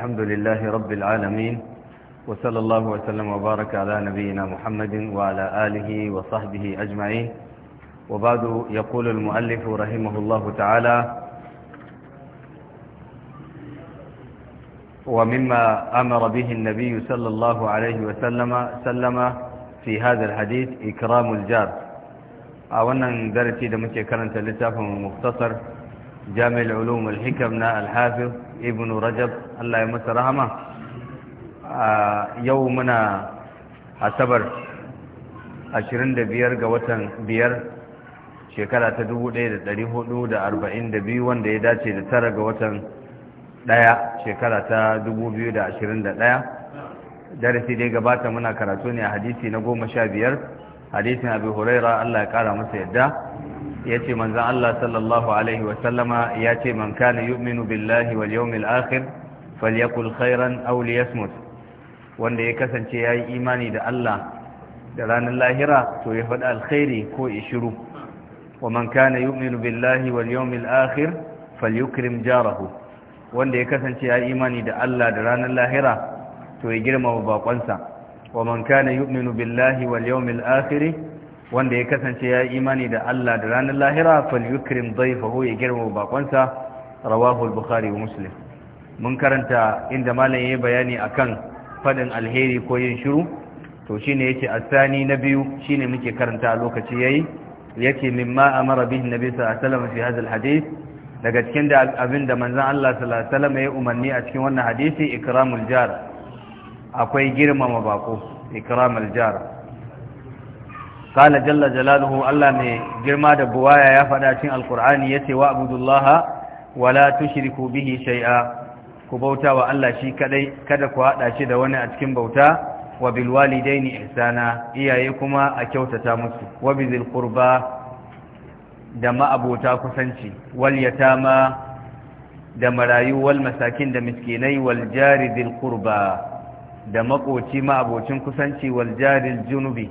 الحمد لله رب العالمين وصلى الله وسلم وبارك على نبينا محمد وعلى آله وصحبه أجمعين وبعد يقول المؤلف رحمه الله تعالى ومما أمر به النبي صلى الله عليه وسلم سلم في هذا الحديث إكرام الجار أولا درتي دمك كانت لتافة مختصر جامع العلوم الحكمنا الحافظ ibn rajab allah ya masa rahama yau muna asabar 25 ga watan biyar shekara ta 1442 wanda ya dace da tara ga watan ɗaya shekara ta 2021 darasi dai gabata muna karatu ne a hadisi na goma sha biyar hadisin abu huraira allah ya kara masa yadda yace manzon Allah sallallahu alaihi wa sallama ce man kane yu'minu billahi wal yawmil akhir falyakul khairan aw liyasmut wanda ya kasance yayi imani da Allah da ranar lahira to ya faɗi alkhairi ko ishiru shiru wa man kane yu'minu billahi wal yawmil akhir falyukrim jarahu wanda ya kasance ya imani da Allah da ranar lahira to ya girmama bakonsa wa man kane yu'minu billahi wal yawmil akhir wanda ya kasance ya yi imani da Allah da ranar lahira falukrim zai dayfahu ya girma bakonsa rawahu al-bukhari wa muslim mun karanta inda malam yayi bayani akan fadin alheri ko yin shiru to shine yace asani na biyu shine muke karanta lokaci yayi yace mimma amara bihi nabi sallallahu alaihi wasallam fi hadha hadith daga cikin da abinda manzon Allah sallallahu alaihi wasallam ya umarni a cikin wannan hadisi ikramul jar akwai girmama bako ikramul jar kala jalla jalaluhu Allah mai girma da buwaya ya faɗa cin alkur'ani ya ce wa abudullaha wala ku bihi shai'a ku bauta wa Allah shi kadai kada ku haɗa shi da wani a cikin bauta wa bil walidaini ihsana iyaye kuma a kyautata musu wa bizil da ma'abota kusanci wal yatama da marayu masakin da miskinai jari dhil da makoci ma'abocin kusanci wal junubi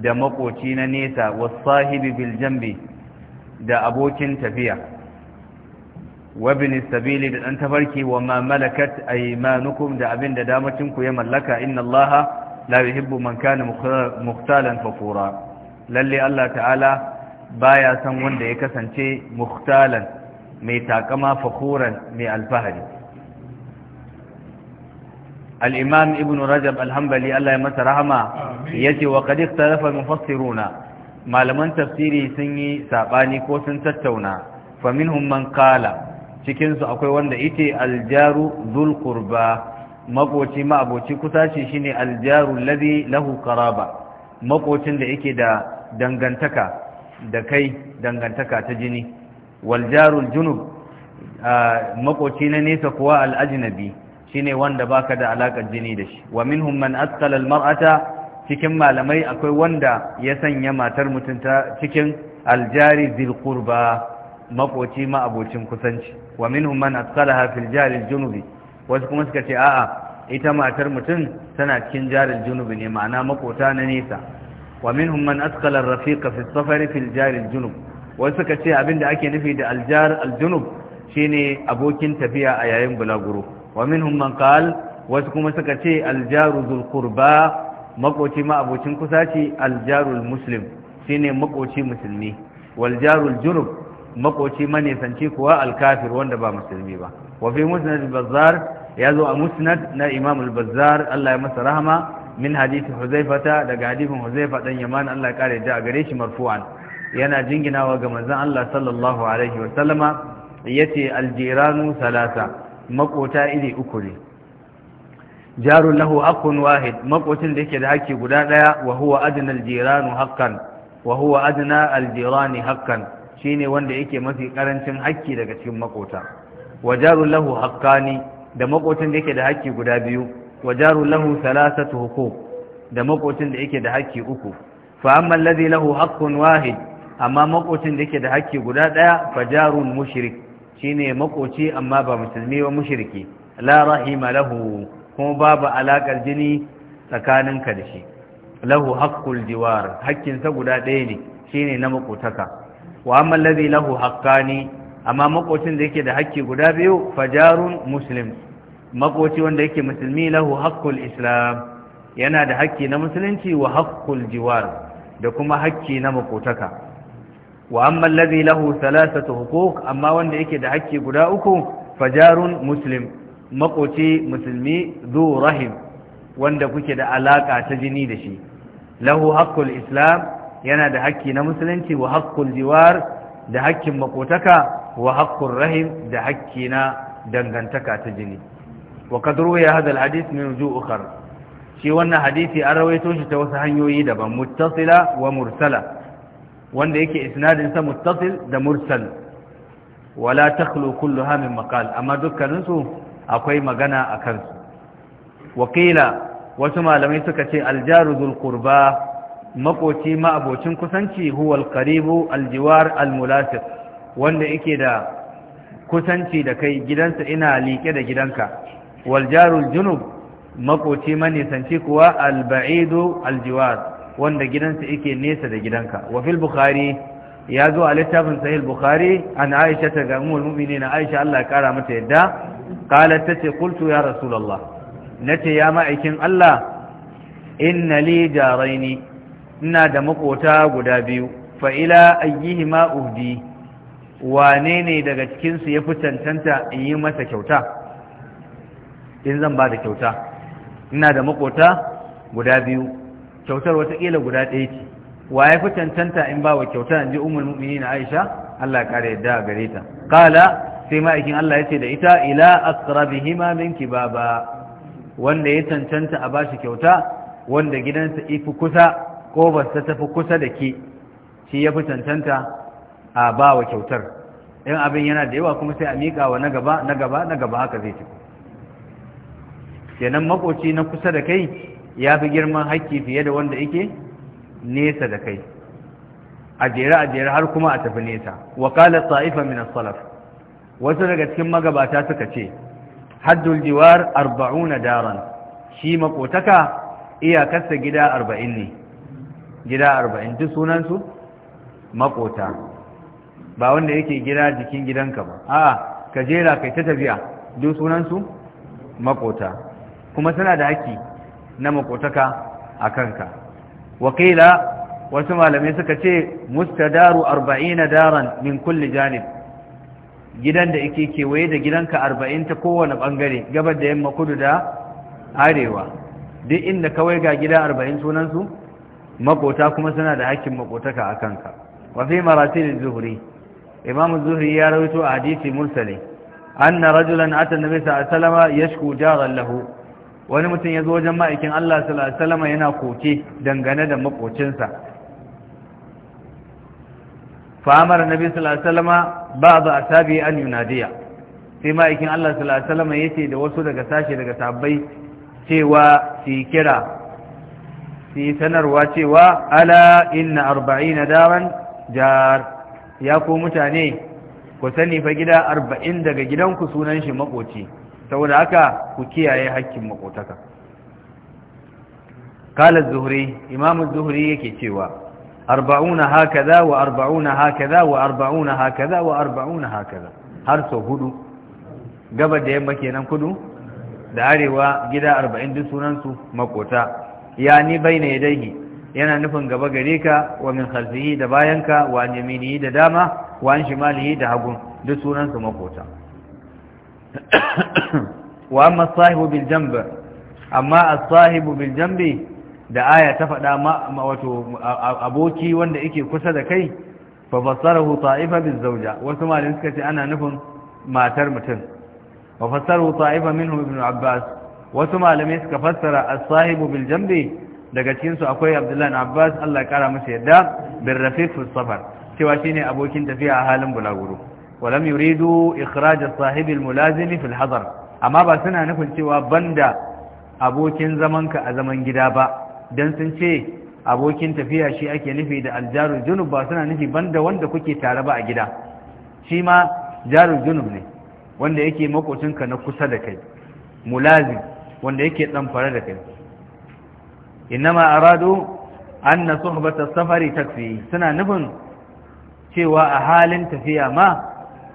da makoci na nesa wasahibi bil jambi da abokin tafiya wabin sabili da dan tafarki wa ma malakat aymanukum da abin da damacin ku ya mallaka inna allaha la yuhibbu man kana mukhtalan fakura lalle allah ta'ala baya san wanda ya kasance mukhtalan mai takama fakuran mai alfahari al-imam ibn rajab al-hanbali Allah ya masa rahama yace wa qad ikhtalafa mufassiruna malaman tafsiri sun yi sabani ko sun tattauna fa minhum man qala cikin akwai wanda yace al-jaru dhul qurba makoci ma aboci kusaci shine al-jaru alladhi lahu makocin da yake da dangantaka da kai dangantaka ta jini wal jarul junub na nesa kuwa al-ajnabi shine wanda baka da alakar jini da shi wa minhum man asqala almar'ata cikin malamai akwai wanda ya sanya matar mutum ta cikin aljari zil qurba makoci ma abocin kusanci wa minhum man asqalaha fil jari aljunubi wasu kuma suka ce a'a ita matar mutum tana cikin jaril junubi ne ma'ana makota na nesa wa minhum man asqala ar-rafiqa fi as-safari fil jaril junub wasu suka ce abinda ake nufi da aljar aljunub shine abokin tafiya a yayin bulaguro wa minhum man qal wasu kuma suka ce aljaru dhul qurba makoci ma abocin kusa ce aljarul muslim shine makoci musulmi wal jarul junub makoci manesanci kuwa alkafir wanda ba musulmi ba wa fi musnad al-bazzar yazo a musnad na imam al-bazzar Allah ya masa rahma min hadisi huzaifata daga hadisin huzaifa dan yaman Allah ya kare a gare shi marfu'an yana jinginawa ga manzon Allah sallallahu alaihi wa sallama yace aljiranu salasa maƙota iri uku ne jarun lahu haqqun wahid makocin da yake da haƙƙi guda ɗaya wa huwa adna al-jiranu wa huwa adna al-jirani shine wanda yake mafi karancin haƙƙi daga cikin maƙota wa jarun lahu haqqani da maƙotin da yake da haƙƙi guda biyu wa jarun lahu thalathatu huquq da maƙotin da yake da haƙƙi uku fa amma alladhi lahu haqqun wahid amma maƙotin da yake da haƙƙi guda ɗaya fa jarun mushrik Shi ne makoci amma ba musulmi ba mushirki la rahima lahu kuma babu alakar jini tsakanin ka da shi lahu haqqul jiwar hakkin sa guda ɗaya ne shine na makotaka wa amma allazi lahu haqqani amma makocin da yake da hakki guda biyu fajarun muslim makoci wanda yake musulmi lahu haqqul islam yana da hakki na musulunci wa haqqul jiwar da kuma hakki na makotaka wa amma lahu salasatu hukuk amma wanda yake da hakki guda uku fajarun muslim makoci musulmi zu rahim wanda kuke da alaka ta jini da shi lahu haqqul islam yana da hakki na musulunci wa haqqul jiwar da hakkin makotaka wa haqqur rahim da hakki na dangantaka ta jini wa ya ruwiya hadha alhadith min wujuh ukhra shi wannan hadisi an rawaito shi ta wasu hanyoyi daban muttasila wa mursala wanda yake isnadin sa muttasil da mursal wala takhlu kulluha min maqal amma dukkanin akwai magana a kansu. wakila wasu malamai suka ce aljaru dhul qurba makoci ma'abocin kusanci huwa alqaribu aljiwar almulasib wanda yake da kusanci da kai gidansa ina liƙe da gidanka waljarul junub makoci manisanci kuwa alba'idu aljiwar wanda gidansa yake nesa da gidanka wa fil bukhari ya zo a littafin sahih bukhari an aisha ta ga ummul mu'minin aisha Allah ya kara mata yadda qalat tace qultu ya rasulullah nace ya ma'aikin Allah inna li jaraini ina da makota guda biyu fa ila ayyihima uhdi wane ne daga cikin su yafi cancanta in yi masa kyauta in zan ba da kyauta ina da makota guda biyu kyautar watakila guda ɗaya ce wa ya fi cancanta in ba wa kyautar in ji umar mu'mini na aisha allah ƙara yadda a gare ta kala sai ma'aikin allah ya ce da ita ila aqrabihima minki ba. wanda ya cancanta a bashi kyauta wanda gidansa ifi kusa ko ta tafi kusa da ke shi ya fi cancanta a ba wa kyautar in abin yana da yawa kuma sai a miƙa wa na gaba na gaba na gaba haka zai ci kenan makoci na kusa da kai ya fi girman haƙƙi fiye da wanda yake nesa da kai a jere a jere har kuma a tafi nesa wa qala ta'ifa min as-salaf wasu daga cikin magabata suka ce haddul jiwar 40 daran shi makotaka iyakarsa gida 40 ne gida 40 duk sunan su makota ba wanda yake gida jikin gidanka ba a'a ka jera kai ta tafiya duk sunan su makota kuma suna da haƙƙi na makotaka a kanka wakila wasu malamai suka ce mustadaru arba'ina daran min kulle janib gidan da ike kewaye da gidanka arba'in ta kowane bangare gabar da yamma kudu da arewa duk inda kawai ga gida arba'in sunansu makota kuma suna da hakkin makotaka a kanka wafi maratil zuhri imam zuhri ya rawito a hadisi mursali na rajulan ata nabi sa'a Salama ya yashku jaran lahu wani mutum ya zo wajen ma'aikin Allah salama yana koke dangane da makocinsa famar nabi salama ba za a sabi an sai ma'aikin Allah salama ya ce da wasu daga sashe daga sabbai cewa su kira su sanarwa cewa ala inna arba'in na jar ya ku mutane ku sani fa gida arba'in daga gidanku sunan shi makoci saboda haka ku kiyaye hakkin makotaka kala zuhuri imamu zuhuri yake cewa arba'una hakaza wa arba'una hakaza wa arba'una hakaza wa arba'una hakaza har sau hudu gaba da yamma kenan kudu da arewa gida arba'in duk sunansu makota ya ni bai na daihi yana nufin gaba gare ka wa min khalfihi da bayanka wa an da dama wa an shimalihi da hagun duk sunansu makota wa amma sahibu bil jamb amma as-sahibu bil jamb da aya ta faɗa ma wato aboki wanda yake kusa da kai fa fassarahu ta'ifa bil zawja wasu malamin suka ce ana nufin matar mutum wa fassarahu ta'ifa minhum ibn abbas wasu malamai suka fassara as-sahibu bil jamb daga cikin su akwai abdullahi abbas Allah ya kara masa yadda bil rafiq fi safar cewa shine abokin tafiya a halin bulaguro walam yuridu ikhraj as-sahib al amma ba suna nufin cewa banda abokin zamanka a zaman gida ba dan sun ce abokin tafiya shi ake nufi da aljarul junub ba suna nufi banda wanda kuke tare ba a gida shi ma jarul junub ne wanda yake makocinka na kusa da kai mulazim wanda yake dan fara da kai innama aradu anna suhbata safari takfi suna nufin cewa a halin tafiya ma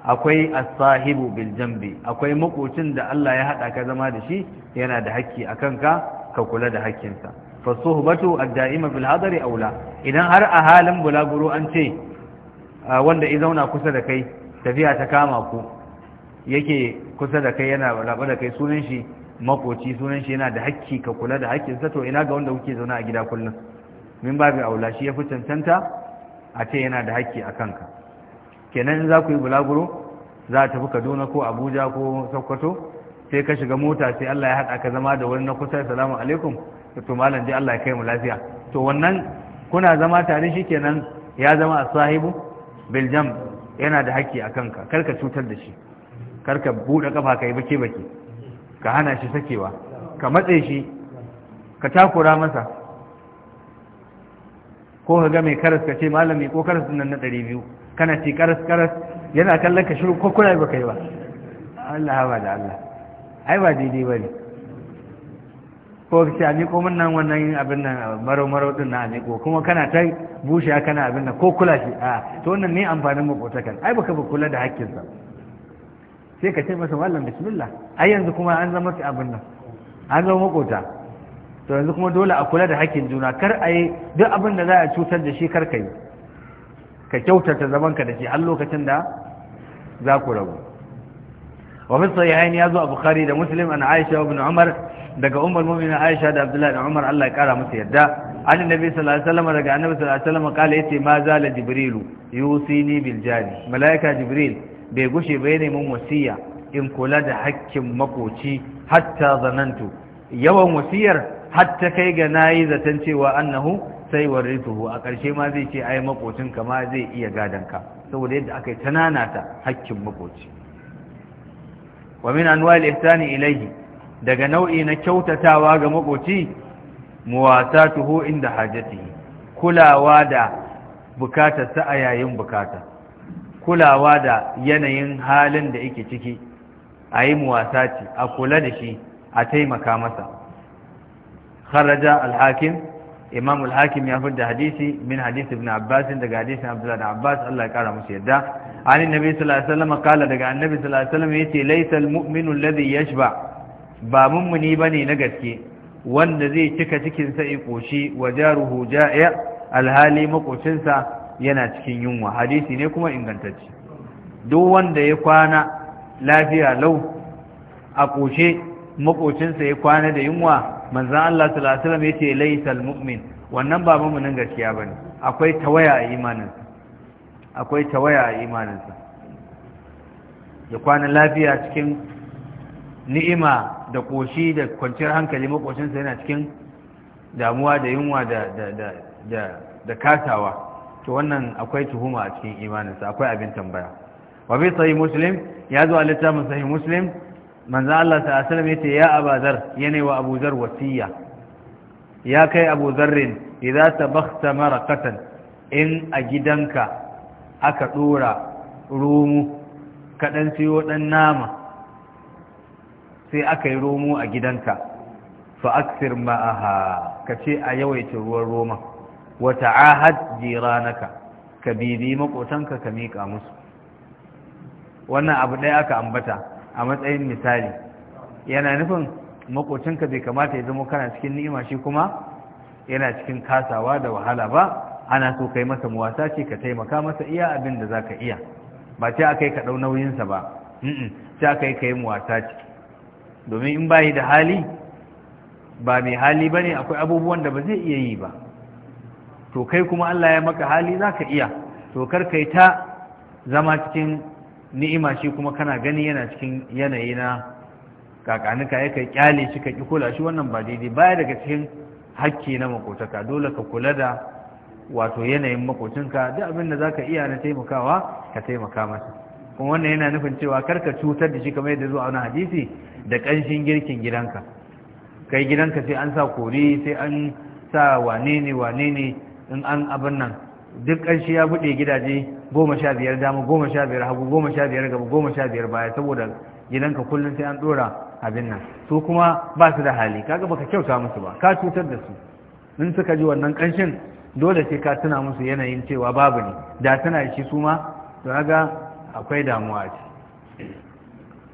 akwai asahibu bil jambi akwai makocin da Allah ya hada ka zama da shi yana da hakki akan ka ka kula da haƙƙinsa fa suhbatu ad-da'ima bil hadari aula idan har a halin bulaguro an ce wanda ya zauna kusa da kai tafiya ta kama ku yake kusa da kai yana raba da kai sunan shi makoci sunan shi yana da hakki ka kula da hakkinsa to ina ga wanda kuke zauna a gida kullum min babu aula shi ya fi cancanta a ce yana da hakki a kanka kenan za ku yi bulaguro za ta fi kaduna ko abuja ko sokoto sai ka shiga mota sai allah ya haɗa ka zama da wani na kusa salamu alaikum to malam ji allah ya kai mu lafiya to wannan kuna zama tare shi kenan ya zama a sahibu biljam yana da haƙƙi a kanka karka cutar da shi karka buɗe ƙafa ka yi bake-bake ka hana shi sakewa ka matse shi ka takura masa ko ka ga mai karas ka ce malami ko karas nan na ɗari biyu kana ci karas karas yana kallon ka shiru ko kuna baka kai ba Allah ba da Allah ai ba daidai ba ne ko ka ce a miƙo min nan wannan abin nan maro maro din na a miƙo kuma kana ta bushe kana abin nan ko kula shi a to wannan ne amfanin makotakan ai baka ba kula da hakkinsa sai ka ce masa wallan bismillah ai yanzu kuma an zama su abin nan an zama makota to yanzu kuma dole a kula da hakkin juna kar a yi duk abin da za a cutar da shi kar ka yi ka kyautata zamanka da shi har lokacin da za ku rabu wa fi sahihain ya zo abu bukhari da muslim an aisha ibn umar daga ummul mu'minin aisha da abdullahi da umar Allah ya kara musu yadda an nabi sallallahu alaihi wasallam daga annabi sallallahu alaihi wasallam kala yace ma zala jibrilu yusini bil jari malaika jibril bai gushe ba yana mun wasiya in kula da hakkin makoci hatta zanantu yawan wasiyar hatta kai ga nayi zaton cewa annahu sai warisuhu a ƙarshe ma zai ce ai makocin ka ma zai iya gadon ka saboda yadda aka yi ta hakkin makoci wa min anwal ihsani ilayhi daga nau'i na kyautatawa ga makoci muwasatuhu inda hajatihi kulawa da bukatarsa a yayin bukata kulawa da yanayin halin da yake ciki a yi muwasati a kula da shi a taimaka masa kharaja al imam al-hakim ya fidda hadisi min hadisi ibn abbas daga hadisin abdullah da abbas Allah ya kara musu yadda ani nabi sallallahu alaihi wasallam kala daga annabi sallallahu alaihi wasallam yace laysa al-mu'minu alladhi yashba ba mummuni bane na gaske wanda zai cika cikin sa ya koshi wa jaruhu ja'i' alhali makocin sa yana cikin yunwa hadisi ne kuma ingantacce duk wanda ya kwana lafiya lau a koshe sa ya kwana da yunwa manzan Allah sallallahu alaihi wasallam yace mu'min wannan ba mu'minin gaskiya bane akwai tawaya a imaninsa akwai tawaya a imaninsa ya kwana lafiya cikin ni'ima da ƙoshi da kwanciyar hankali makoshinsa yana cikin damuwa da yunwa da da kasawa to wannan akwai tuhuma a cikin imaninsa akwai abin tambaya wa bi sahih muslim ya zo a littafin sahih muslim Manza Allah ta asalama ya ya abazar yanayi wa abuzar wasiya ya kai abuzarrin idan ta bakta mara katan in a gidanka aka ɗora romu kaɗan siyo ɗan nama sai aka yi romo a gidanka fa'aksir ma'aha ka ce a yawaita ruwan roma wata ahad jiranaka ka bibi makotanka ka miƙa musu wannan abu ɗaya aka ambata a matsayin misali yana nufin makocinka bai kamata ya zama kana cikin ni'ima shi kuma yana cikin kasawa da wahala ba ana so kai masa muwasa ce ka taimaka masa iya abin da ka iya ba ce yi ka ɗau nauyinsa ba ce ka yi muwasa ce domin in bayi da hali ba mai hali bane akwai abubuwan da ba zai iya yi ba to kai kuma Allah ya maka hali za ka iya to kar kai ta zama cikin ni'ima shi kuma kana gani yana cikin yanayi na kakanuka ya kai kyale shi ka ki kula shi wannan ba daidai baya daga cikin hakki na makotaka dole ka kula da wato yanayin makocinka duk abin da zaka iya na taimakawa ka taimaka masa kuma wannan yana nufin cewa kar ka cutar da shi kamar yadda zuwa wani hadisi da kanshin girkin gidanka kai gidanka sai an sa kori sai an sa wane ne wane ne in an abin nan duk kanshi ya buɗe gidaje goma sha biyar dama goma sha biyar hagu goma sha biyar gaba goma sha biyar baya saboda gidanka kullum sai an dora abin nan su kuma ba su da hali kaga baka kyauta musu ba ka cutar da su in suka ji wannan kanshin dole sai ka tuna musu yanayin cewa babu ne da tana shi su ma to kaga akwai damuwa ce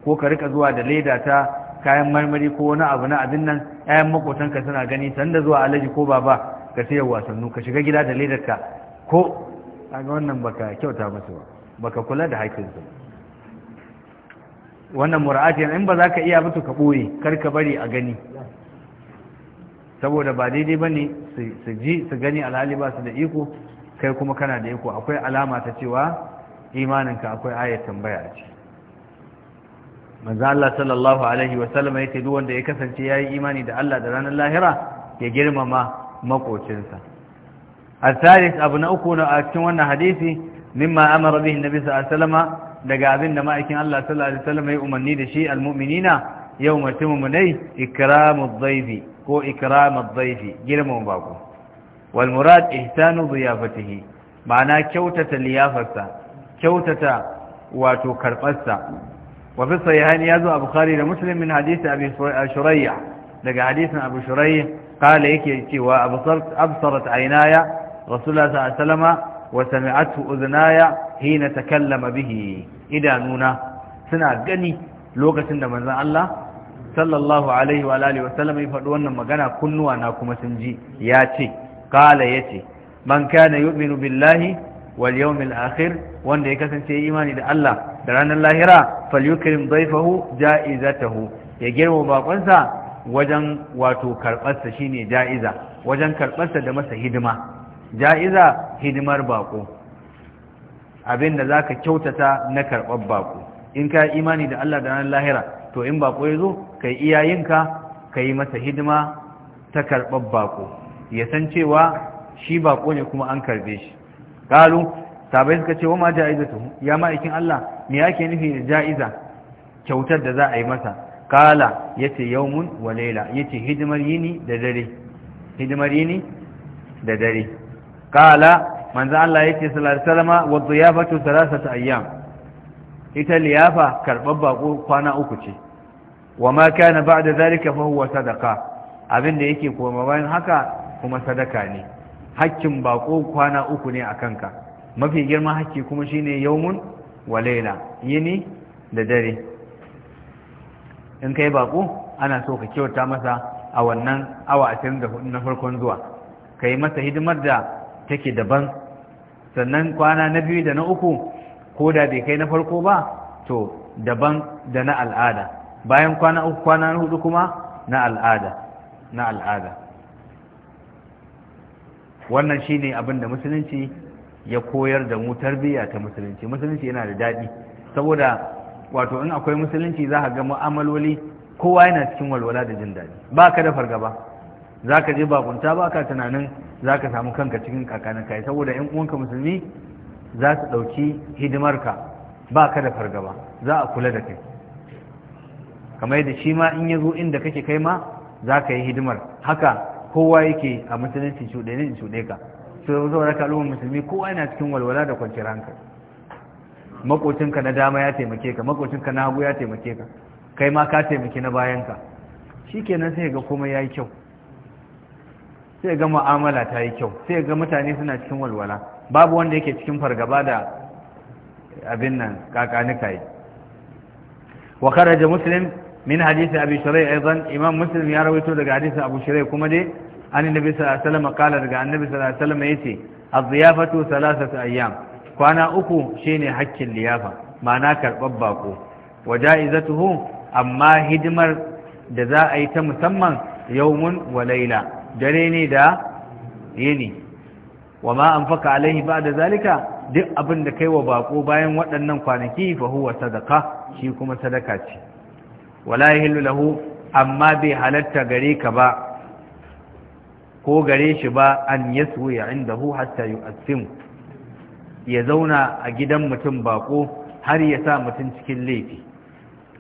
ko ka rika zuwa da leda ta kayan marmari ko wani abu na abin nan ayan makotanka suna gani sanda zuwa alaji ko baba ka sayar wasannu ka shiga gida da ledarka ko kaga wannan baka kyauta musu ba baka kula da haƙƙinsu wannan mura'ati in ba za ka iya mutu ka ɓoye kar ka bari a gani saboda ba daidai ba ne su ji su gani alhali ba su da iko kai kuma kana da iko akwai alama ta cewa imaninka akwai ayat tambaya a ce manzo Allah sallallahu alaihi wa sallam yake duk wanda ya kasance yayi imani da Allah da ranar lahira ya girmama makocinsa الثالث أبو نأكون أكتون حديثي مما أمر به النبي صلى الله عليه وسلم daga abin ma'aikin Allah sallallahu alaihi wasallam ya umarni da shi almu'minina yau mutum munai ikramud dhaifi ko ikramud dhaifi girman bako wal murad ihsanu ziyafatihi ma'ana kyautata liyafarsa kyautata wato karbarsa wa ya sahihaini yazo a bukhari da muslim min hadisi abi shurayya daga hadisin abu shurayya kala yake cewa absarat aynaya rasulullah sallallahu alaihi wa sami'atu udhnaya hina takallama bihi idanuna suna gani lokacin da manzon Allah sallallahu alaihi wa alihi ya faɗi wannan magana kunnuwa na kuma sun ji ya ce kala yace man kana yu'minu billahi wal yawmil akhir wanda ya kasance yi imani da Allah da ranar lahira falyukrim dayfahu ja'izatahu ya girma bakonsa wajen wato karɓarsa shine ja'iza wajen karɓarsa da masa hidima ja'iza hidimar bako abin da za ka kyautata na karɓar bako in ka imani da Allah da nan lahira to in bako ya zo ka yi iyayenka ka yi masa hidima ta karɓar bako ya san cewa shi bako ne kuma an karɓe shi ƙalu sabai suka ce wa ma ja'izatu ya ma'aikin Allah me yake nufi da ja'iza kyautar da za a yi masa kala yace yawmun wa layla yace hidimar yini da dare hidimar yini da dare kala manzo Allah yake sallallahu alaihi wasallama wa dhiyafatu thalathatu ayyam ita liyafa karɓar baƙo kwana uku ce wa ma kana ba'da zalika fa huwa sadaqa abinda yake kuma bayan haka kuma sadaka ne hakkin baƙo kwana uku ne akan ka mafi girman hakki kuma shine yawmun wa laila yini da dare in kai baƙo? ana so ka kyauta masa a wannan awa 24 na farkon zuwa Ka yi masa hidimar da take daban sannan kwana na biyu da na uku ko da bai kai na farko ba to daban da na al'ada bayan kwana uku kwana na hudu kuma na al'ada na al'ada wannan shine abin da musulunci ya koyar da mu tarbiyya ta musulunci musulunci yana da daɗi saboda wato in akwai musulunci za ka ga mu'amaloli kowa yana cikin walwala da jin daɗi ba ka da fargaba za ka je bakunta ba ka tunanin za ka samu kanka cikin kakanin kai saboda yan uwanka musulmi za su ɗauki hidimarka ba ka da fargaba za a kula da kai kamar yadda shi ma in ya zo inda kake kai ma za ka yi hidimar haka kowa yake a musulunci cuɗe ne cuɗe ka so zo raka al'ummar musulmi kowa yana cikin walwala da kwanciyar hankali makocinka na dama ya taimake ka makocinka na hagu ya taimake ka kai ma ka taimake na bayanka shi kenan sai ga komai ya yi kyau sai ga mu'amala ta yi kyau sai ga mutane suna cikin walwala babu wanda yake cikin fargaba da abin nan kakanika yi wa kharaja muslim min hadisi abi shurai aidan imam muslim ya rawaito daga hadisi abu shurai kuma dai an nabi sallallahu alaihi wasallam kala daga annabi sallallahu alaihi wasallam yace az-ziyafatu thalathatu ayyam kwana uku shine hakkin liyafa ma'ana karɓar bako wa ja'izatuhu amma hidimar da za a yi ta musamman yawmun wa laila dare ne da yini wa ma anfaka alaihi ba'da zalika duk abin da kai wa bako bayan waɗannan kwanaki fa huwa sadaka shi kuma sadaka ce wala yahillu lahu amma bai halatta gare ka ba ko gare shi ba an yaswi indahu hatta yu'assim ya zauna a gidan mutum bako har ya sa mutum cikin laifi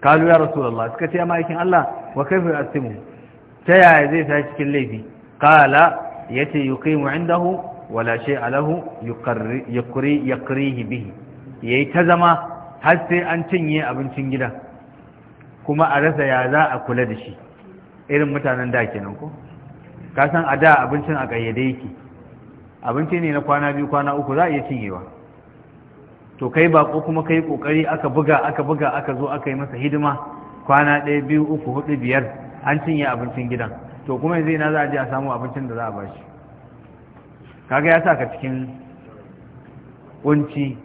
kalu ya rasulullah suka ce amma aikin Allah wa kaifa asimu? ta yaya zai sa cikin laifi qala yace yuqimu indahu wala shay'a lahu yuqri yaqrihi bihi yayi ta zama har sai an cinye abincin gida kuma a rasa ya za a kula da shi irin mutanen da kenan ko ka san a da abincin a kayyade yake abinci ne na kwana biyu kwana uku za a iya cinyewa to kai bako kuma kai kokari aka buga aka buga aka zo aka yi masa hidima kwana ɗaya biyu uku hudu biyar an cinye abincin gidan to kuma yanzu ina za a je a samu abincin da za a bashi kaga ya sa ka cikin kunci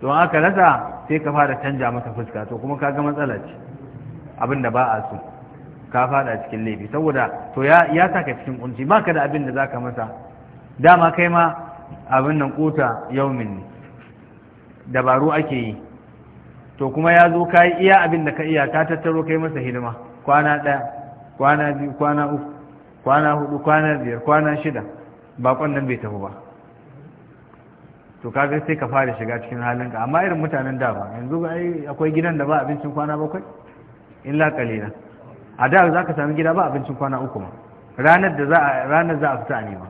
don aka rasa sai ka fara canja masa fuska to kuma kaga matsala ce abin da ba a so ka fada cikin laifi saboda to ya ya sa ka cikin kunci ba ka da abin da zaka masa dama kai ma abin nan kuta yaumin ne dabaru ake yi to kuma ya zo ka yi iya abin da ka iya ka tattaro kai masa hidima kwana ɗaya kwana biyu kwana uku kwana hudu kwana biyar kwana shida bakon nan bai tafi ba to kaga sai ka fara shiga cikin halin ka amma irin mutanen da ba yanzu ai akwai gidan da ba abincin kwana bakwai illa kalila a da za ka sami gida ba abincin kwana uku ma ranar da za a ranar za a fita a nema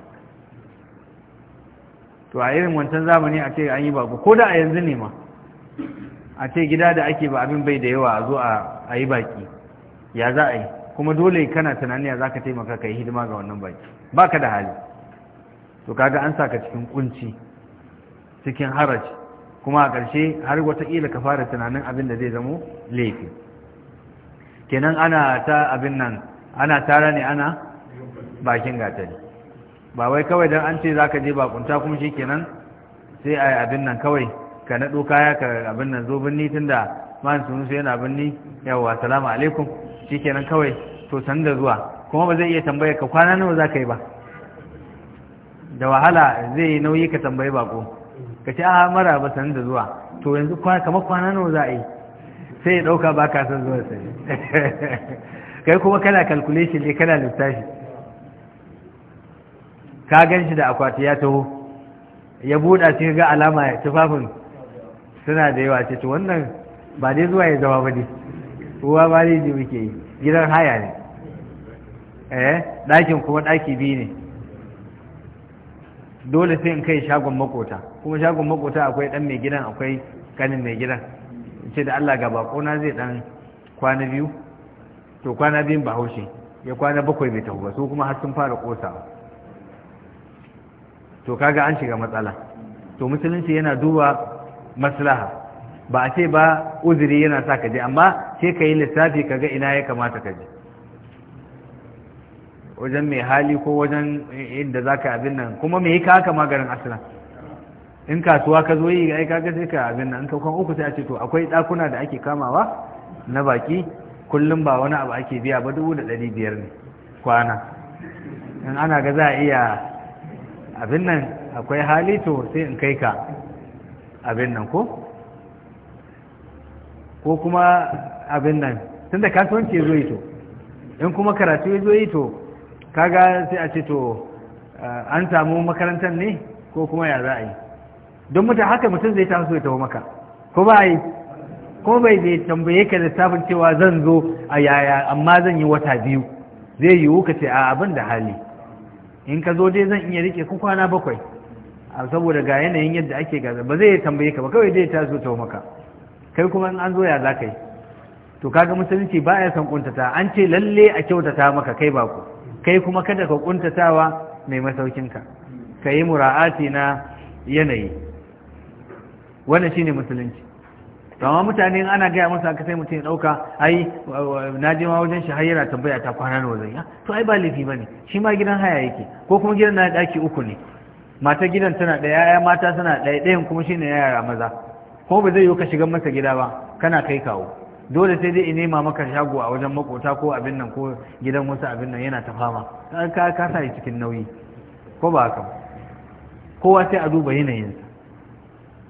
to a irin wancan zamani a ce an yi bako ko da a yanzu ne ma a ce gida da ake ba abin bai da yawa a zo a yi baki ya za a yi kuma dole kana tunaniya za ka taimaka ka yi hidima ga wannan baki ba ka da hali to kaga an saka cikin kunci cikin haraji kuma a ƙarshe har wataƙila ka fara tunanin abin da zai zamo laifi kenan ana ta abin nan ana tara ne ana bakin gatari ba wai kawai don an ce za ka je bakunta kuma shi kenan sai a yi abin nan kawai ka naɗo kaya ka abin nan zo binni tun da man sunusu yana birni yawwa salamu alaikum kenan kawai to san da zuwa kuma ba zai iya tambayar ka kwana nawa za ka yi ba da wahala zai yi nauyi ka tambayi bako ka ce a mara ba san da zuwa to yanzu kamar kwana nawa za a yi sai ya ɗauka ba ka san zuwa sai kai kuma kana calculation ne kana lissafi ka gan shi da akwati ya taho ya buɗa sai ga alama tufafin suna da yawa ce to wannan ba dai zuwa ya zama ba dai ruwa ba ne muke yi gidan haya ne eh ɗakin kuma ɗaki biyu ne dole sai in kai shagon makota kuma shagon makota akwai ɗan mai gidan akwai kanin mai gidan ce da Allah ga bakona zai ɗan kwana biyu to kwana biyun ba haushe ya kwana bakwai bai tafi ba su kuma har sun fara ƙosawa? to kaga an shiga matsala to musulunci yana duba maslaha ba a ce ba uzuri yana sa ka je amma sai ka yi lissafi ka ga ina ya kamata ka je wajen mai hali ko wajen inda za ka abin nan kuma mai ka haka maganin asira? in kasuwa ka zo yi ai kaga sai ka abin nan in kakon uku sai a ce to akwai ɗakuna da ake kamawa na baki kullum ba wani abu ake biya ba dubu da ɗari biyar ne kwana in ana ga za a iya abin nan akwai hali to sai in kai ka abin nan ko ko kuma abin nan tun da kasuwanci ya zo yi to in kuma karatu ya zo yi to kaga sai a ce to eh, an samu makarantar ne ko kuma ya za a yi don mutum haka mutum zai taso ya taho maka ko ba yi ko bai zai tambaye ka sabon cewa zan zo a yaya amma zan yi wata biyu zai yiwu ka ce a abin da hali in ka zo dai zan iya rike ku kwana bakwai saboda ga yanayin yadda ake gaza ba zai tambaye ka ba kawai dai taso taho maka kai kuma in an zo ya za ka yi to kaga musulunci ba ya san kuntata an ce lalle a kyautata maka kai ba kai kuma kada ka kuntatawa mai masaukinka ka yi mura'ati na yanayi wannan shine musulunci amma mutane ana gaya masa aka sai mutum ya ɗauka ai na je wajen shi hayyara tambaya ta kwana nawa zan ah, to ai ba laifi bane shi ma gidan haya yake ko kuma gidan na daki uku ne mata gidan tana da yaya mata tana ɗaya ɗayan kuma shine yara maza ko ba zai yi ka shiga masa gida ba kana kai kawo dole sai dai nema maka shago a wajen makota ko abin nan ko gidan wasu abin nan yana ta fama ka ka sa cikin nauyi ko ba haka kowa sai a duba yanayinsa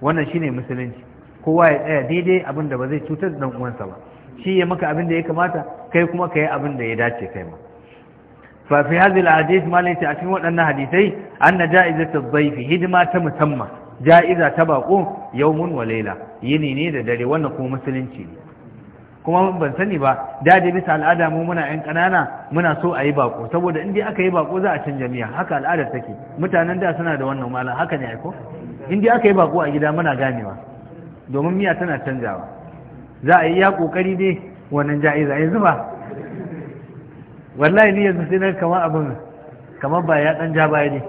wannan shine musulunci kowa ya tsaya daidai abin da ba zai cutar da uwansa ba shi ya maka abin da ya kamata kai kuma ka yi abin da ya dace kai ma fa fi hadhihi al-hadith ma a cikin waɗannan hadisai anna ja'izatu dhayfi hidima ta musamman ja'iza ta bako Yau wa laila yini ne da dare wannan kuma musulunci ne kuma ban sani ba dade bisa al'ada mu muna yan kanana muna so a yi bako saboda in aka yi bako za a canja miya haka al'adar take mutanen da suna da wannan mala haka ne aiko in aka yi bako a gida muna ganewa domin miya tana canjawa za a yi ya kokari dai wannan ja'iza yanzu zuba wallahi ni yanzu sai na kama abin kamar ba ya dan ja baya ne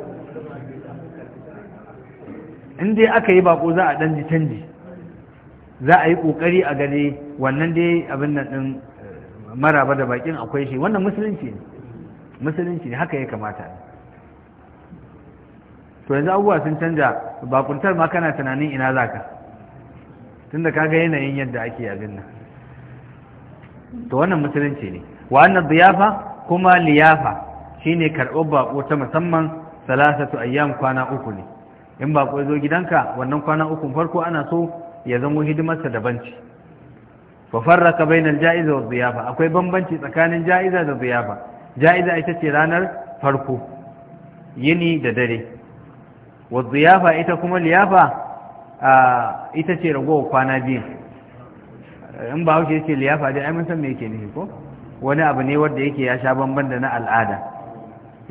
in dai aka yi bako za a dan ji canji za a yi kokari a gane wannan dai abin nan din eh, maraba da bakin akwai shi wannan musulunci ne musulunci ne haka ya kamata to yanzu abubuwa sun canja bakuntar ma kana tunanin ina zaka tunda kaga yanayin yadda ake abin nan to wannan musulunci ne wa annad diyafa kuma liyafa shine karɓar bako ta musamman salasatu ayyam kwana uku ne in ba zo gidanka wannan kwana ukun farko ana so ya zama hidimarsa daban ce fa farraka bainal ja'iza wa ziyafa akwai bambanci tsakanin ja'iza da ziyafa ja'iza ita ce ranar farko yini da dare wa ziyafa ita kuma liyafa ita ce ragowar kwana biyu in ba hauke ce liyafa dai ai mun san me yake nufi ko wani abu ne wanda yake ya sha bamban da na al'ada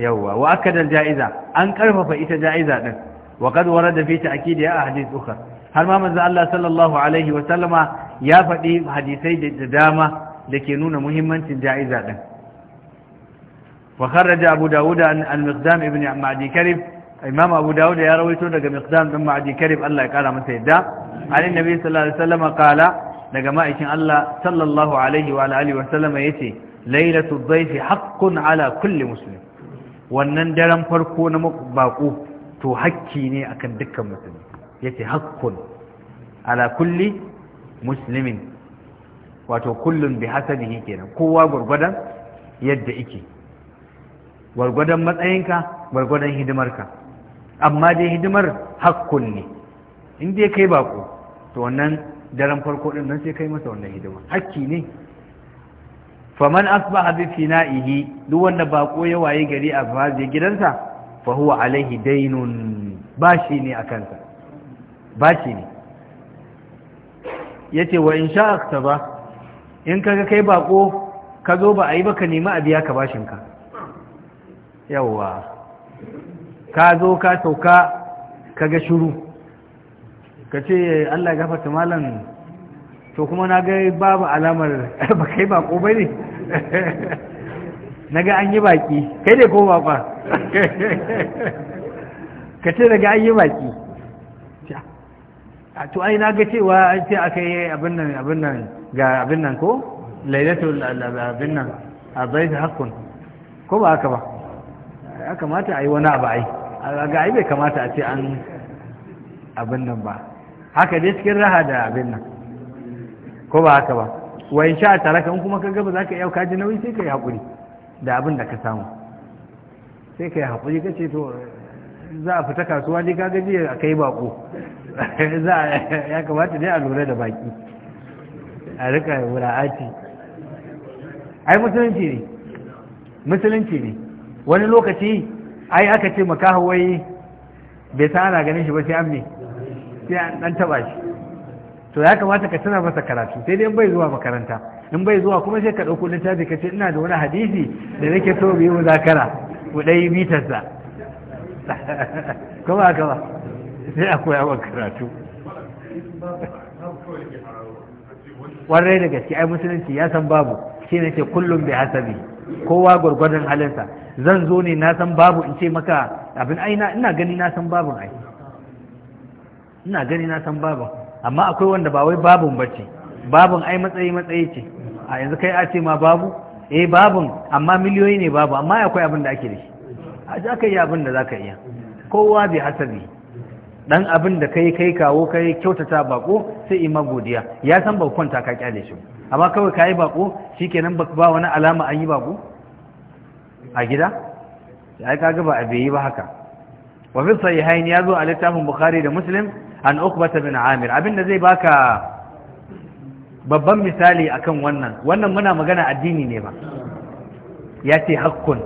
yawwa wa akadal ja'iza an karfafa ita ja'iza din wa da warada fi ta'kid ya ahadith ukhra har ma manzo sallallahu alaihi wa sallama ya faɗi hadisai da dama da ke nuna muhimmancin ja'iza din wa abu dawud al-miqdam ibn ma'di karib imam abu dawud ya rawaito daga miqdam din ma'di karib Allah ya kara masa yadda alin nabi sallallahu alaihi wa daga ma'aikin Allah sallallahu alaihi wa yace lailatul dhayfi ala kulli wannan daren farko na baƙo to hakki ne akan dukkan musulmi yace hakkun ala kulli muslimin wato kullun bi hasabihi kenan kowa gwargwadon yadda yake Gwargwadon matsayinka gwargwadon hidimarka amma dai hidimar hakkun ne in dai kai bako to wannan daren farko din nan sai kai masa wannan hidima hakki ne faman asbaha bi fina'ihi duk wanda bako ya waye gari a faje gidansa fa huwa alaihi dainun bashi ne a ba bashi ne yace wa in sha'akta ba in kaga kai bako ka zo ba a yi baka nemi a biya ka bashinka yawwa ka zo ka sauka kaga shuru ka ce Allah gafarta malam to kuma na ga babu alamar ba kai bako bane na ga an yi baki kai dai ko baba ka ce daga an yi baki a to ai na ga cewa an ce aka yi abin nan abin nan ga abin nan ko lailatul abin nan a bai da hakkun ko ba haka ba ya kamata a yi wani abu ai ga ai bai kamata a ce an abin nan ba haka dai cikin raha da abin nan ko ba haka ba wa in sha tare in kuma ka gaba za ka iya kaji nauyi sai ka yi haƙuri da abin da ka samu sai ka yi haƙuri ka ce to za a fita kasuwa ne kaga jiya a kai bako za ya kamata ne a lura da baki a rika wura'ati ai musulunci ne musulunci ne wani lokaci ai aka ce makaha wai bai sa ana ganin shi ba sai an me sai an taba shi to ya kamata ka tana masa karatu sai dai bai zuwa makaranta in bai zuwa kuma sai ka ɗauko littafi ka ce ina da wani hadisi da nake so mu yi muzakara ku ɗai mitarsa kuma kama sai a koya wa karatu warai da gaske ai musulunci ya san babu shi ne ce kullum bai hasabi kowa gwargwadon halinsa zan zo ne na san babu in ce maka abin ai ina gani na san babu ai ina gani na san babu amma akwai wanda ba wai babun ce babun ai matsayi matsayi ce a yanzu kai a ce ma babu eh babun amma miliyoyi ne babu amma akwai abin da ake da shi a za ka yi abin da za ka iya kowa bi hasabi dan abin da kai kai kawo kai kyautata bako sai ima godiya ya san ba kwanta ka kyale shi amma kawai kai bako shikenan ba ba wani alama an yi bako a gida ai kaga ba a bai yi ba haka wa fi sahihain ya zo a littafin bukhari da muslim an ukbata bin amir abinda zai baka babban misali akan wannan wannan muna magana addini ne ba ya ce hakkun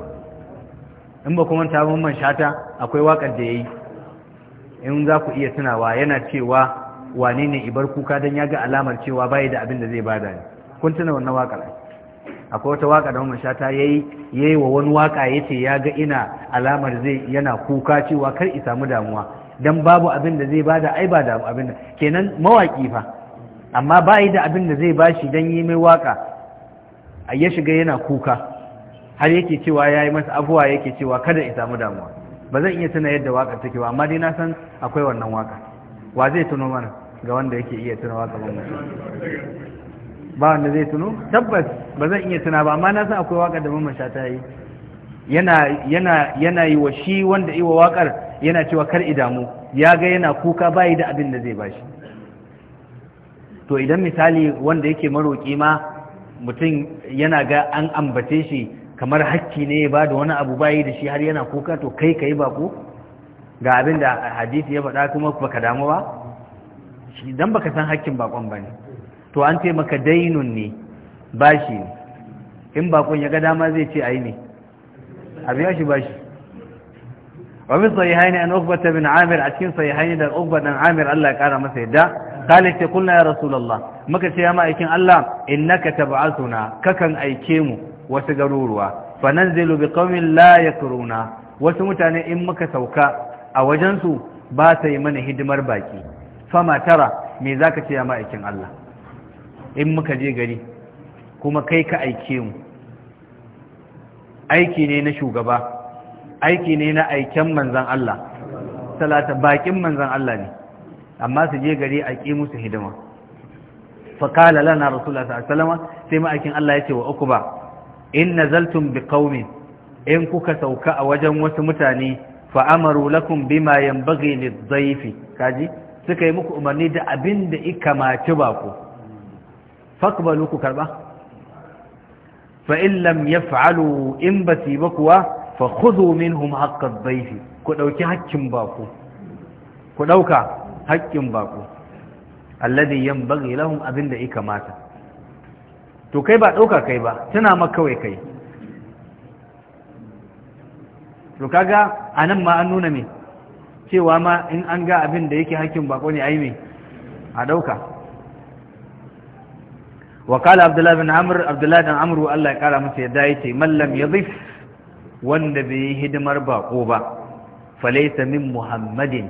in ba kuma tabin man shata akwai wakar da yayi in za ku iya tunawa yana cewa wane ne ibar kuka don ya ga alamar cewa bayi da abin da zai bada ne kun tuna wannan wakar akwai wata waka da mamman shata yayi yayi wa wani waka yace ya ga ina alamar zai yana kuka cewa kar i samu damuwa Don babu abin da zai bada ai ba da abin da kenan mawaki fa amma ba yi da abin da zai bashi don yi mai waka a ya shiga yana kuka har yake cewa ya yi masa abuwa yake cewa kada ya samu damuwa ba zan iya tuna yadda wakar take ba amma dai na san akwai wannan waka wa zai tuno mana ga wanda yake iya tuna waka ba ba wanda zai tuno tabbas ba zan iya tuna ba amma na san akwai waka da mamman shata yi yana yana yana yi wa shi wanda iwa wakar yana cewa kar idamu ya ga yana kuka bayi da abin da zai bashi to idan misali wanda yake maroƙi ma mutum yana ga an ambace shi kamar hakki ne ya bada wani abu bayi da shi har yana kuka to kai kai bako ga abin da hadisi ya faɗa kuma baka damu ba idan baka san hakkin bakon bane to an ce maka dainun ne bashi ne in bakon ya ga dama zai ce ai ne a biya shi bashi wani sayyahani an ukbata bin amir a cikin sayyahani da dan amir Allah ya kara masa yadda kalis ta kulna ya rasulallah muka ce ya ma'aikin Allah innaka tab'atuna kakan aike mu wasu garuruwa fa nanzilu bi qaumin la yakruna wasu mutane in muka sauka a wajen su ba ta yi mana hidimar baki fa tara me zaka ce ya ma'aikin Allah in muka je gari kuma kai ka aike mu aiki ne na shugaba aiki ne na aiken manzan Allah salata bakin manzan Allah ne amma su je gari a ƙi musu hidima faƙala lana rasulullah sallallahu sai ma'aikin Allah ya ce wa uku ba in zaltun bi qaumin in kuka sauka a wajen wasu mutane fa amaru lakum bima yanbaghi lidhayfi kaji suka yi muku umarni da abin da ikamaci ba ku fakbalu ku karba fa in lam yaf'alu in basi ba kuwa fa khudhu minhum haqqad bayfi ku dauki hakkin bako ku dauka hakkin bako alladhi yanbaghi lahum abinda ya kamata to kai ba dauka kai ba tana ma kawai kai to kaga anan ma an nuna me cewa ma in an ga abin da yake hakkin bako ne ai me a dauka wa qala abdullah bin amr abdullah bin amr Allah ya kara masa yadda yace Mallam yadhif wanda bai yi hidimar bako ba falaita min muhammadin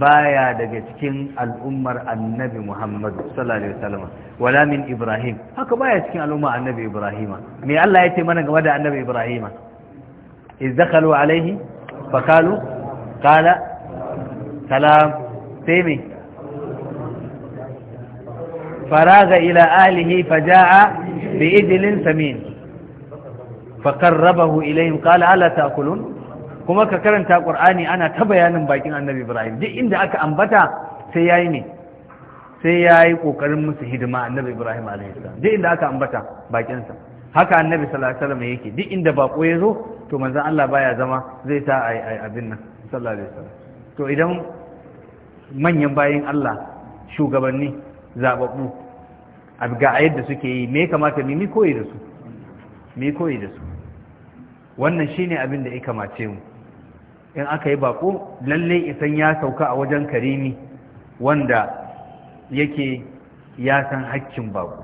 baya daga cikin al'ummar annabi muhammadu sallallahu alaihi wasallam wala min ibrahim haka baya cikin al'ummar annabi ibrahima me Allah ya ce mana game da annabi ibrahima iz dakhalu alaihi fakalu Kala, salam sai me faraga ila alihi faja'a bi idlin samin فقربه إليهم قال ألا تأكلون kuma ka karanta ƙur'ani ana ta bayanin bakin annabi ibrahim duk inda aka ambata sai yayi ne sai yayi kokarin musu hidima annabi ibrahim salam duk inda aka ambata sa haka annabi sallallahu alaihi wasallam yake duk inda bako ya zo to manzon Allah baya zama zai sa ai ai abin nan sallallahu alaihi wasallam to idan manyan bayin Allah shugabanni zababbu abga yadda suke yi me kamata mu mi koyi da su mi koyi da su wannan shine abin da ya kamace mu in aka yi bako lallai isan ya sauka a wajen karimi wanda yake ya san hakkin bako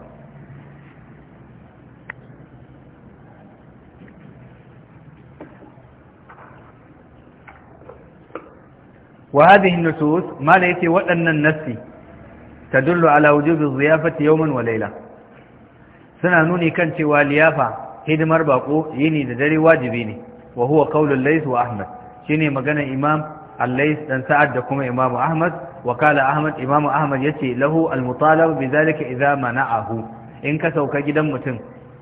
wa hadhihi nusus ma la yati wadannan nassi tadullu ala wujubi ziyafati yawman wa layla suna nuni kan cewa liyafa hidimar bako yini da dare wajibi ne wa huwa qaulul lays wa ahmad shine maganar imam al-lays dan sa'ad da kuma imam ahmad wa kala ahmad imam ahmad yace lahu al-mutalab bi zalika mana'ahu in ka sauka gidan mutum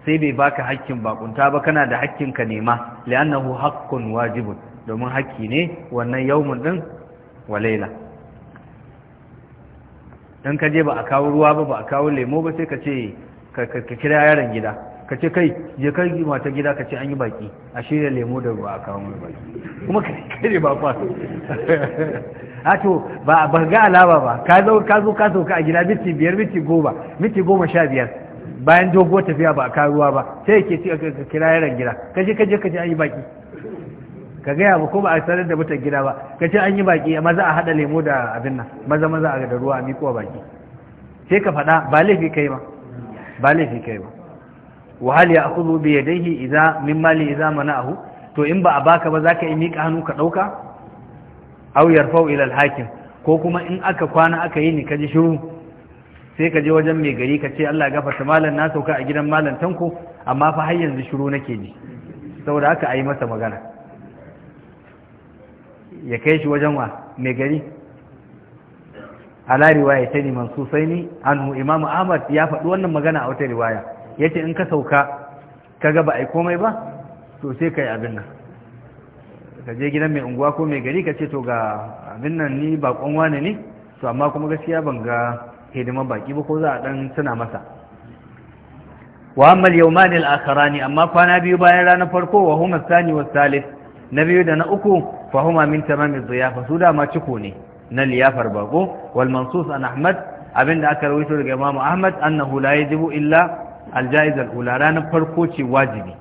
sai bai baka hakkin bakunta ba kana da hakkin ka nema li'annahu haqqun wajibun domin hakki ne wannan yawmun din wa Layla. in ka je ba a kawo ruwa ba ba a kawo lemo ba sai ka ce ka kira yaron gida ka ce kai je kai mata gida ka ce an yi baki a shirya lemo da ruwa a kawo mai baki kuma kare ba kwa a to ba a ga alama ba ka zo ka zo ka sauka a gida miti biyar miti goma miti goma sha biyar bayan dogo tafiya ba a kawo ruwa ba sai yake ci a kira yaran gida ka je ka je ka ce an yi baki ka gaya ba ko ba a sanar da mutan gida ba ka ce an yi baki amma za a haɗa lemo da abin nan maza maza a da ruwa a miƙo baki sai ka faɗa ba laifi kai ba ba laifi kai ba wa hal ya'khudhu bi yadayhi idza min mali idza mana'ahu to in ba a baka ba zaka yi mika hannu ka dauka aw yarfa'u ila al-hakim ko kuma in aka kwana aka yi ni kaji shiru sai kaje wajen mai gari kace Allah Allah gafarta malam na sauka a gidan malam tanko amma fa har yanzu shiru nake ji saboda haka ayi masa magana ya kai shi wajen wa mai gari ala riwaya ta ne anhu imam ahmad ya faɗi wannan magana a wata riwaya ya ce in ka sauka kaga ga ba a komai ba to sai kai abin nan ka je gidan mai unguwa ko mai gari ka ce to ga abin nan ni bakon wane ne to amma kuma gaskiya ban ga hidima baki ba ko za a dan tana masa wa ammal yawman al-akharani amma kwana biyu bayan ranar farko wa huma sani wa salis na biyu da na uku fa huma min tamamiz ziyafa su da ma ciko ne na liyafar bako wal mansus an ahmad abinda aka rawaito daga imamu ahmad annahu la yajibu illa Alja'izar al'ula ranar farko ce wajibi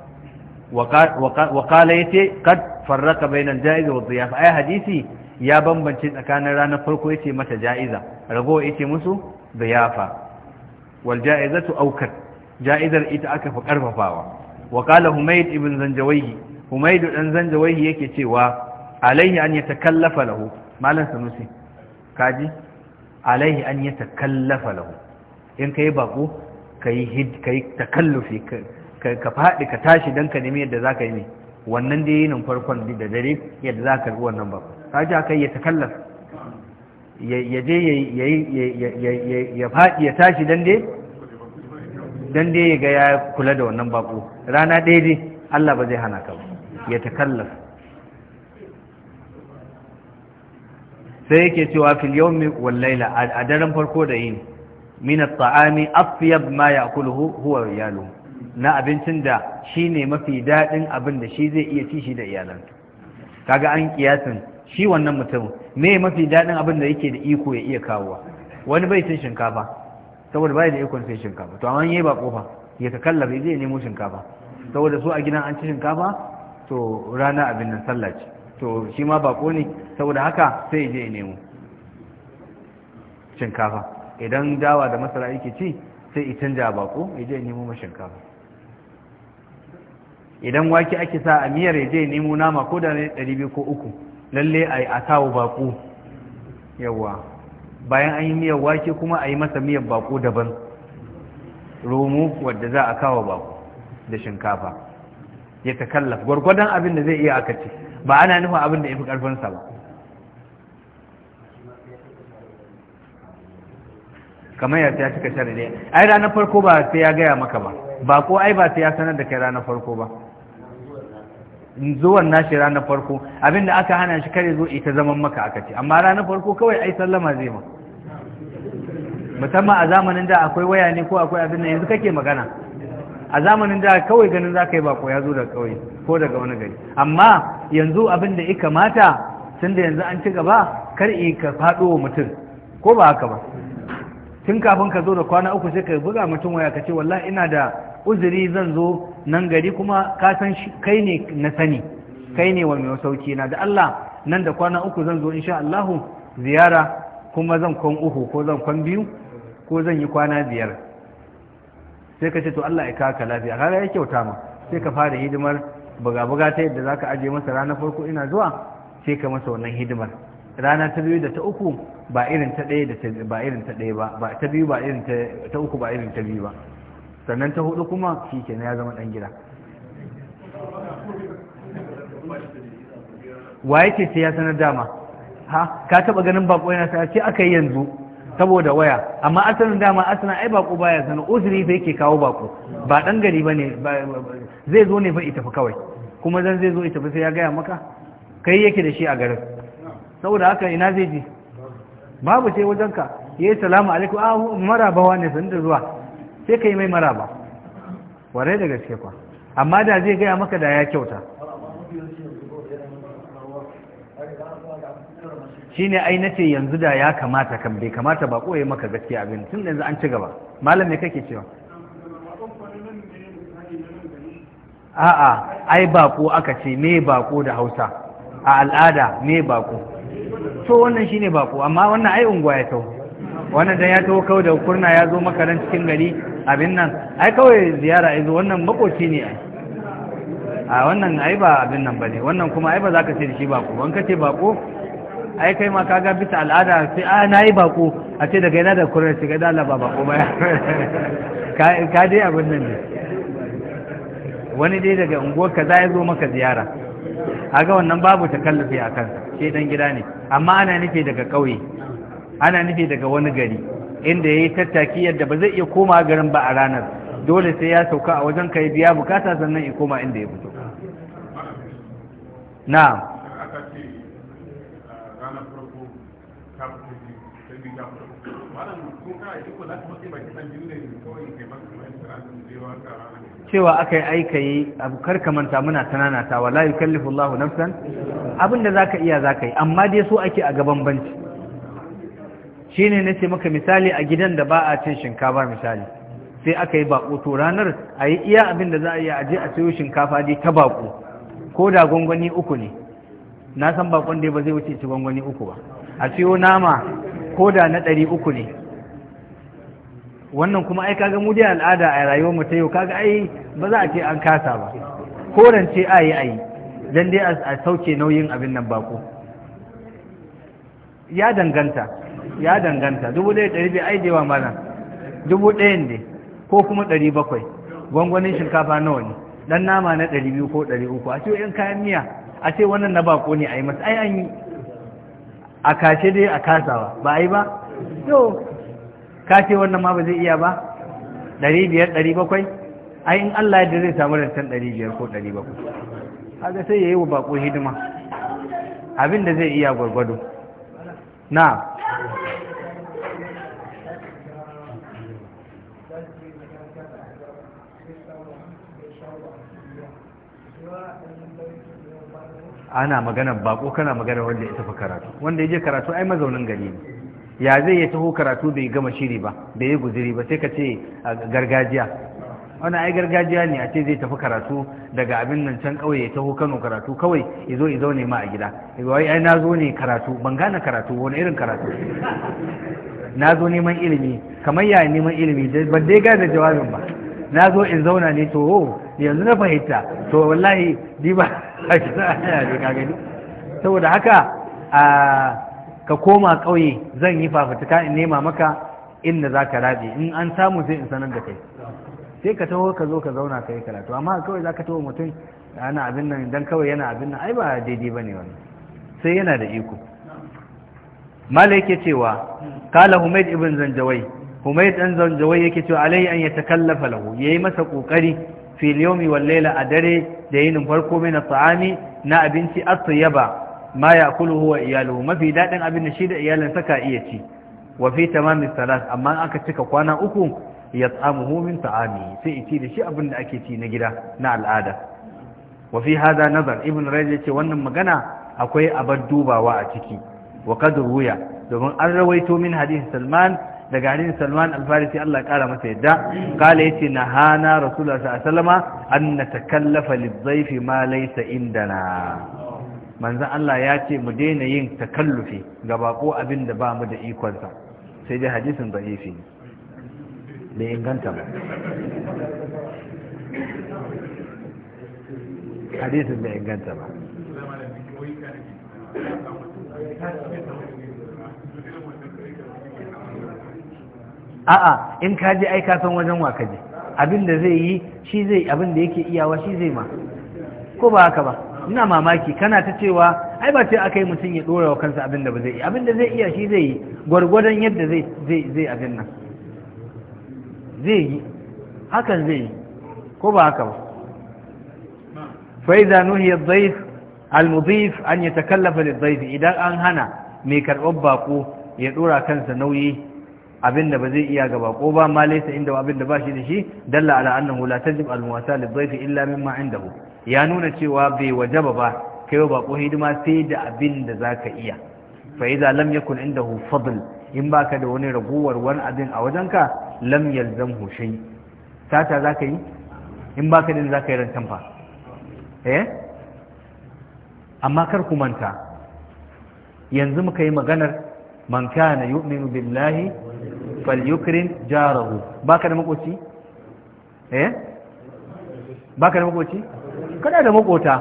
wakala ya ce kad farraka bai nan ja'iza wa ziyafa ai hadisi ya bambance tsakanin ranar farko ya ce mata ja'iza ragowa ya ce musu ziyafa wal ja'izatu aukar ja'izar ita aka fi karfafawa wakala humaid ibn zanjawaihi humaid dan zanjawaihi yake cewa alaihi an yatakallafa lahu malan sanusi kaji alaihi an yatakallafa lahu in kai bako ka yi takallufi ka faɗi ka tashi don ka nemi yadda za ka yi ne wannan da yinin farkon da dare yadda za ka wannan ba ka ji aka ya takallaf ya je ya faɗi ya tashi don dai dai ya ga ya kula da wannan bako rana ɗaya dai Allah ba zai hana ka ba ya takallaf sai yake cewa fil yawmi wal laila a daren farko da yini min at-ta'ami afyab ma ya'kuluhu huwa iyaluhu na abincin da shine mafi dadin abin da shi zai iya ci shi da iyalansa kaga an kiyasin shi wannan mutum me mafi dadin abin da yake da iko ya iya kawowa wani bai cin shinkafa saboda bai da ikon sai shinkafa to amma yayi ba kofa ya ka kallafa zai nemo shinkafa saboda su a gidan an ci shinkafa to rana abin nan sallah ce to shi ma bako ne saboda haka sai ya je ya nemo shinkafa idan dawa da masara yake ci sai i canja bako ya je nemo shinkafa idan wake ake sa a miyar ya je nemo nama ko da ɗari biyu ko uku lalle a yi a kawo bako yawa bayan an yi miyar wake kuma a yi masa miyar bako daban romo wadda za a kawo bako da shinkafa ya kallaf gwargwadon abin da zai iya aka ci ba ana nufin abin da ya fi ƙarfinsa ba kamar ya cika sharri ai ranar farko ba sai ya gaya maka ba ba ko ai ba sai ya sanar da kai ranar farko ba zuwan nashi ranar farko abinda aka hana shi kare zo ita zaman maka aka ce amma ranar farko kawai ai sallama zai ma musamman a zamanin da akwai waya ne ko akwai abin da yanzu kake magana a zamanin da kawai ganin za ka yi bako ya zo daga kawai ko daga wani gari amma yanzu abin da ya kamata tun da yanzu an ci gaba kar ka faɗo wa mutum ko ba haka ba tun kafin ka zo da kwana uku sai ka buga mutum waya ka ce wallahi ina da uzuri zan zo nan gari kuma ka san kai ne na sani kai ne wa mai sauki na da Allah nan da kwana uku zan zo insha Allahu ziyara kuma zan kwan uku ko zan kwan biyu ko zan yi kwana biyar sai ka ce to Allah ya kaka lafiya kaga ya kyauta ma sai ka fara hidimar buga-buga ta yadda zaka aje masa ranar farko ina zuwa sai ka masa wannan hidimar rana ta biyu da ta uku ba irin ta ɗaya da ba irin ta ɗaya ba ba ta biyu ba irin ta uku ba irin ta biyu ba sannan ta hudu kuma shi kenan ya zama ɗan gida wa yake sai ya sanar dama ha ka taba ganin bako yana sanar ce aka yi yanzu saboda waya amma asalin dama asalin ai bako baya sanar uzuri zai ke kawo bako ba ɗan gari bane zai zo ne ba ita tafi kawai kuma zan zai zo ita tafi sai ya gaya maka kai yake da shi a garin saboda haka ina zai je babu sai wajenka ya yi salamu alaikum a ah, marabawa ne sun da zuwa sai ka yi mai maraba warai da gaske kwa amma da zai gaya maka da ya kyauta shi ne ai nace yanzu da ya kamata kan bai kamata ba koye maka gaske abin tun yanzu an ci gaba malam me kake cewa a'a ai bako aka ce me bako da hausa a al'ada me bako to wannan shine bako amma wannan ai unguwa ya taho wannan dan ya taho kawai da kurna ya zo makaran cikin gari abin nan ai kawai ziyara ai wannan makoci ne ai a wannan ai ba abin nan bane wannan kuma ai ba za ka ce da shi bako Ban ka ce bako ai kai ma kaga bisa al'ada sai a ah, nayi bako a ce daga yana da kurna shiga da Allah ba bako ba ka dai abin nan ne wani dai daga unguwar ka za ya zo maka ziyara kaga wannan babu takallufi a kansa shi dan gida ne amma ana nufi daga ƙauye ana nufi daga wani gari inda yayi tattaki yadda ba zai iya koma garin ba a ranar dole sai ya sauka a wajen kai biya bukata sannan ya koma inda ya fito na'am cewa aka yi aika yi abu karka manta muna tananata wa la yukallifu Allahu nafsan abinda za ka iya za ka yi amma dai so ake a gaban banci na ce maka misali a gidan da ba a cin shinkafa misali sai aka yi bako to ranar a yi iya abinda za a yi a je a sayo shinkafa dai ta bako ko da gwangwani uku ne na san bakon dai ba zai wuce ci gwangwani uku ba a siyo nama ko da na ɗari uku ne wannan kuma ai kaga mu dai al'ada a rayuwar mu ta yau kaga ai ba za a ce an kasa ba korance ayi ayi dan dai a sauke nauyin abin nan bako ya danganta ya danganta dubu ɗaya ɗari biyu ai dewa mana dubu ɗayan ne ko kuma ɗari bakwai gwangwanin shinkafa nawa ne ɗan nama na ɗari biyu ko ɗari uku a ce yan kayan miya a ce wannan na bako ne a yi masa ai an yi a kashe dai a kasawa ba a yi ba yau ka ce wannan ma ba zai iya ba ɗari biyar ɗari bakwai ai in Allah yadda zai samu rancen ɗari biyar ko ɗari bakwai kaga sai ya yi wa bako hidima abin da zai iya gwargwado na ana magana bako kana magana wanda ya tafi karatu wanda ya je karatu ai mazaunin gari ne ya zai ya taho karatu bai gama shiri ba bai yi guziri ba sai ka ce gargajiya wani ai gargajiya ne a ce zai tafi karatu daga abin nan can kawai ya taho kano karatu kawai ya zo ya zaune ma a gida wai ai na zo ne karatu ban gane karatu wani irin karatu na zo neman ilimi kamar yaya neman ilimi ban dai gane jawabin ba na zo in zauna ne to oh, yanzu na fahimta to wallahi ni ba a kisa a saboda haka a ka koma ƙauye zan yi fafutuka in nema maka inda za ka rabe in an samu sai in sanar da kai sai ka taho ka zo ka zauna ka yi karatu amma kawai za ka taho mutum ana abin nan don kawai yana abin nan ai ba daidai ba ne wani sai yana da iko malai yake cewa kala humaid ibn zanjawai humaid dan zanjawai yake cewa alai an ya takallafa lahu ya yi masa ƙoƙari fil yawmi wal a dare da yinin farko mai na ta'ami na abinci at yaba. ma ya kulu huwa iyaluhu mafi daɗin abin da shi da iyalinsa ka iya ci wa fi tamamin salat amma aka cika kwana uku ya tsamuhu min ta'ami sai iti da shi abin da ake ci na gida na al'ada wa fi hada nazar ibn rajab ce wannan magana akwai abar dubawa a ciki wa qad domin an rawaito min hadith salman daga hadith salman al-farisi Allah kara masa yadda kala yace na rasulullahi sallallahu alaihi wasallama an natakallafa lidh-dhayfi ma laysa indana manzan Allah ya ce mu daina yin takallufi ga bako abin da ba mu da ikonsa sai dai hadisin da ifi ne bai inganta ba hadisin bai inganta ba a'a in ka ai ka san wajen wa kaji abin da zai yi shi zai abin da yake iyawa shi zai ma ko ba haka ba ina mamaki kana ta cewa ai ba ce aka yi mutum ya ɗora wa kansa abin da ba zai yi abin da zai iya shi zai yi gwargwadon yadda zai zai abin nan zai yi hakan zai yi ko ba haka ba fa'iza nuhiya dhaif al-mudhif an yatakallafa lidhaif idan an hana mai karɓar bako ya ɗora kansa nauyi abin da ba zai iya ga bako ba ma laysa inda abin da ba shi da shi dalla ala annahu la tajib al-muwasa lidhaif illa mimma indahu ya nuna cewa bai wajaba ba kai wa bako hidima sai da abin da zaka iya fa idza lam yakun indahu fadl in baka da wani raguwar wani abin a wajenka lam yalzamhu shay sata zaka yi in baka da zaka yi rantan fa eh amma kar ku manta yanzu muka yi maganar man kana yu'minu billahi falyukrim jarahu baka da makoci eh baka da makoci kana da makota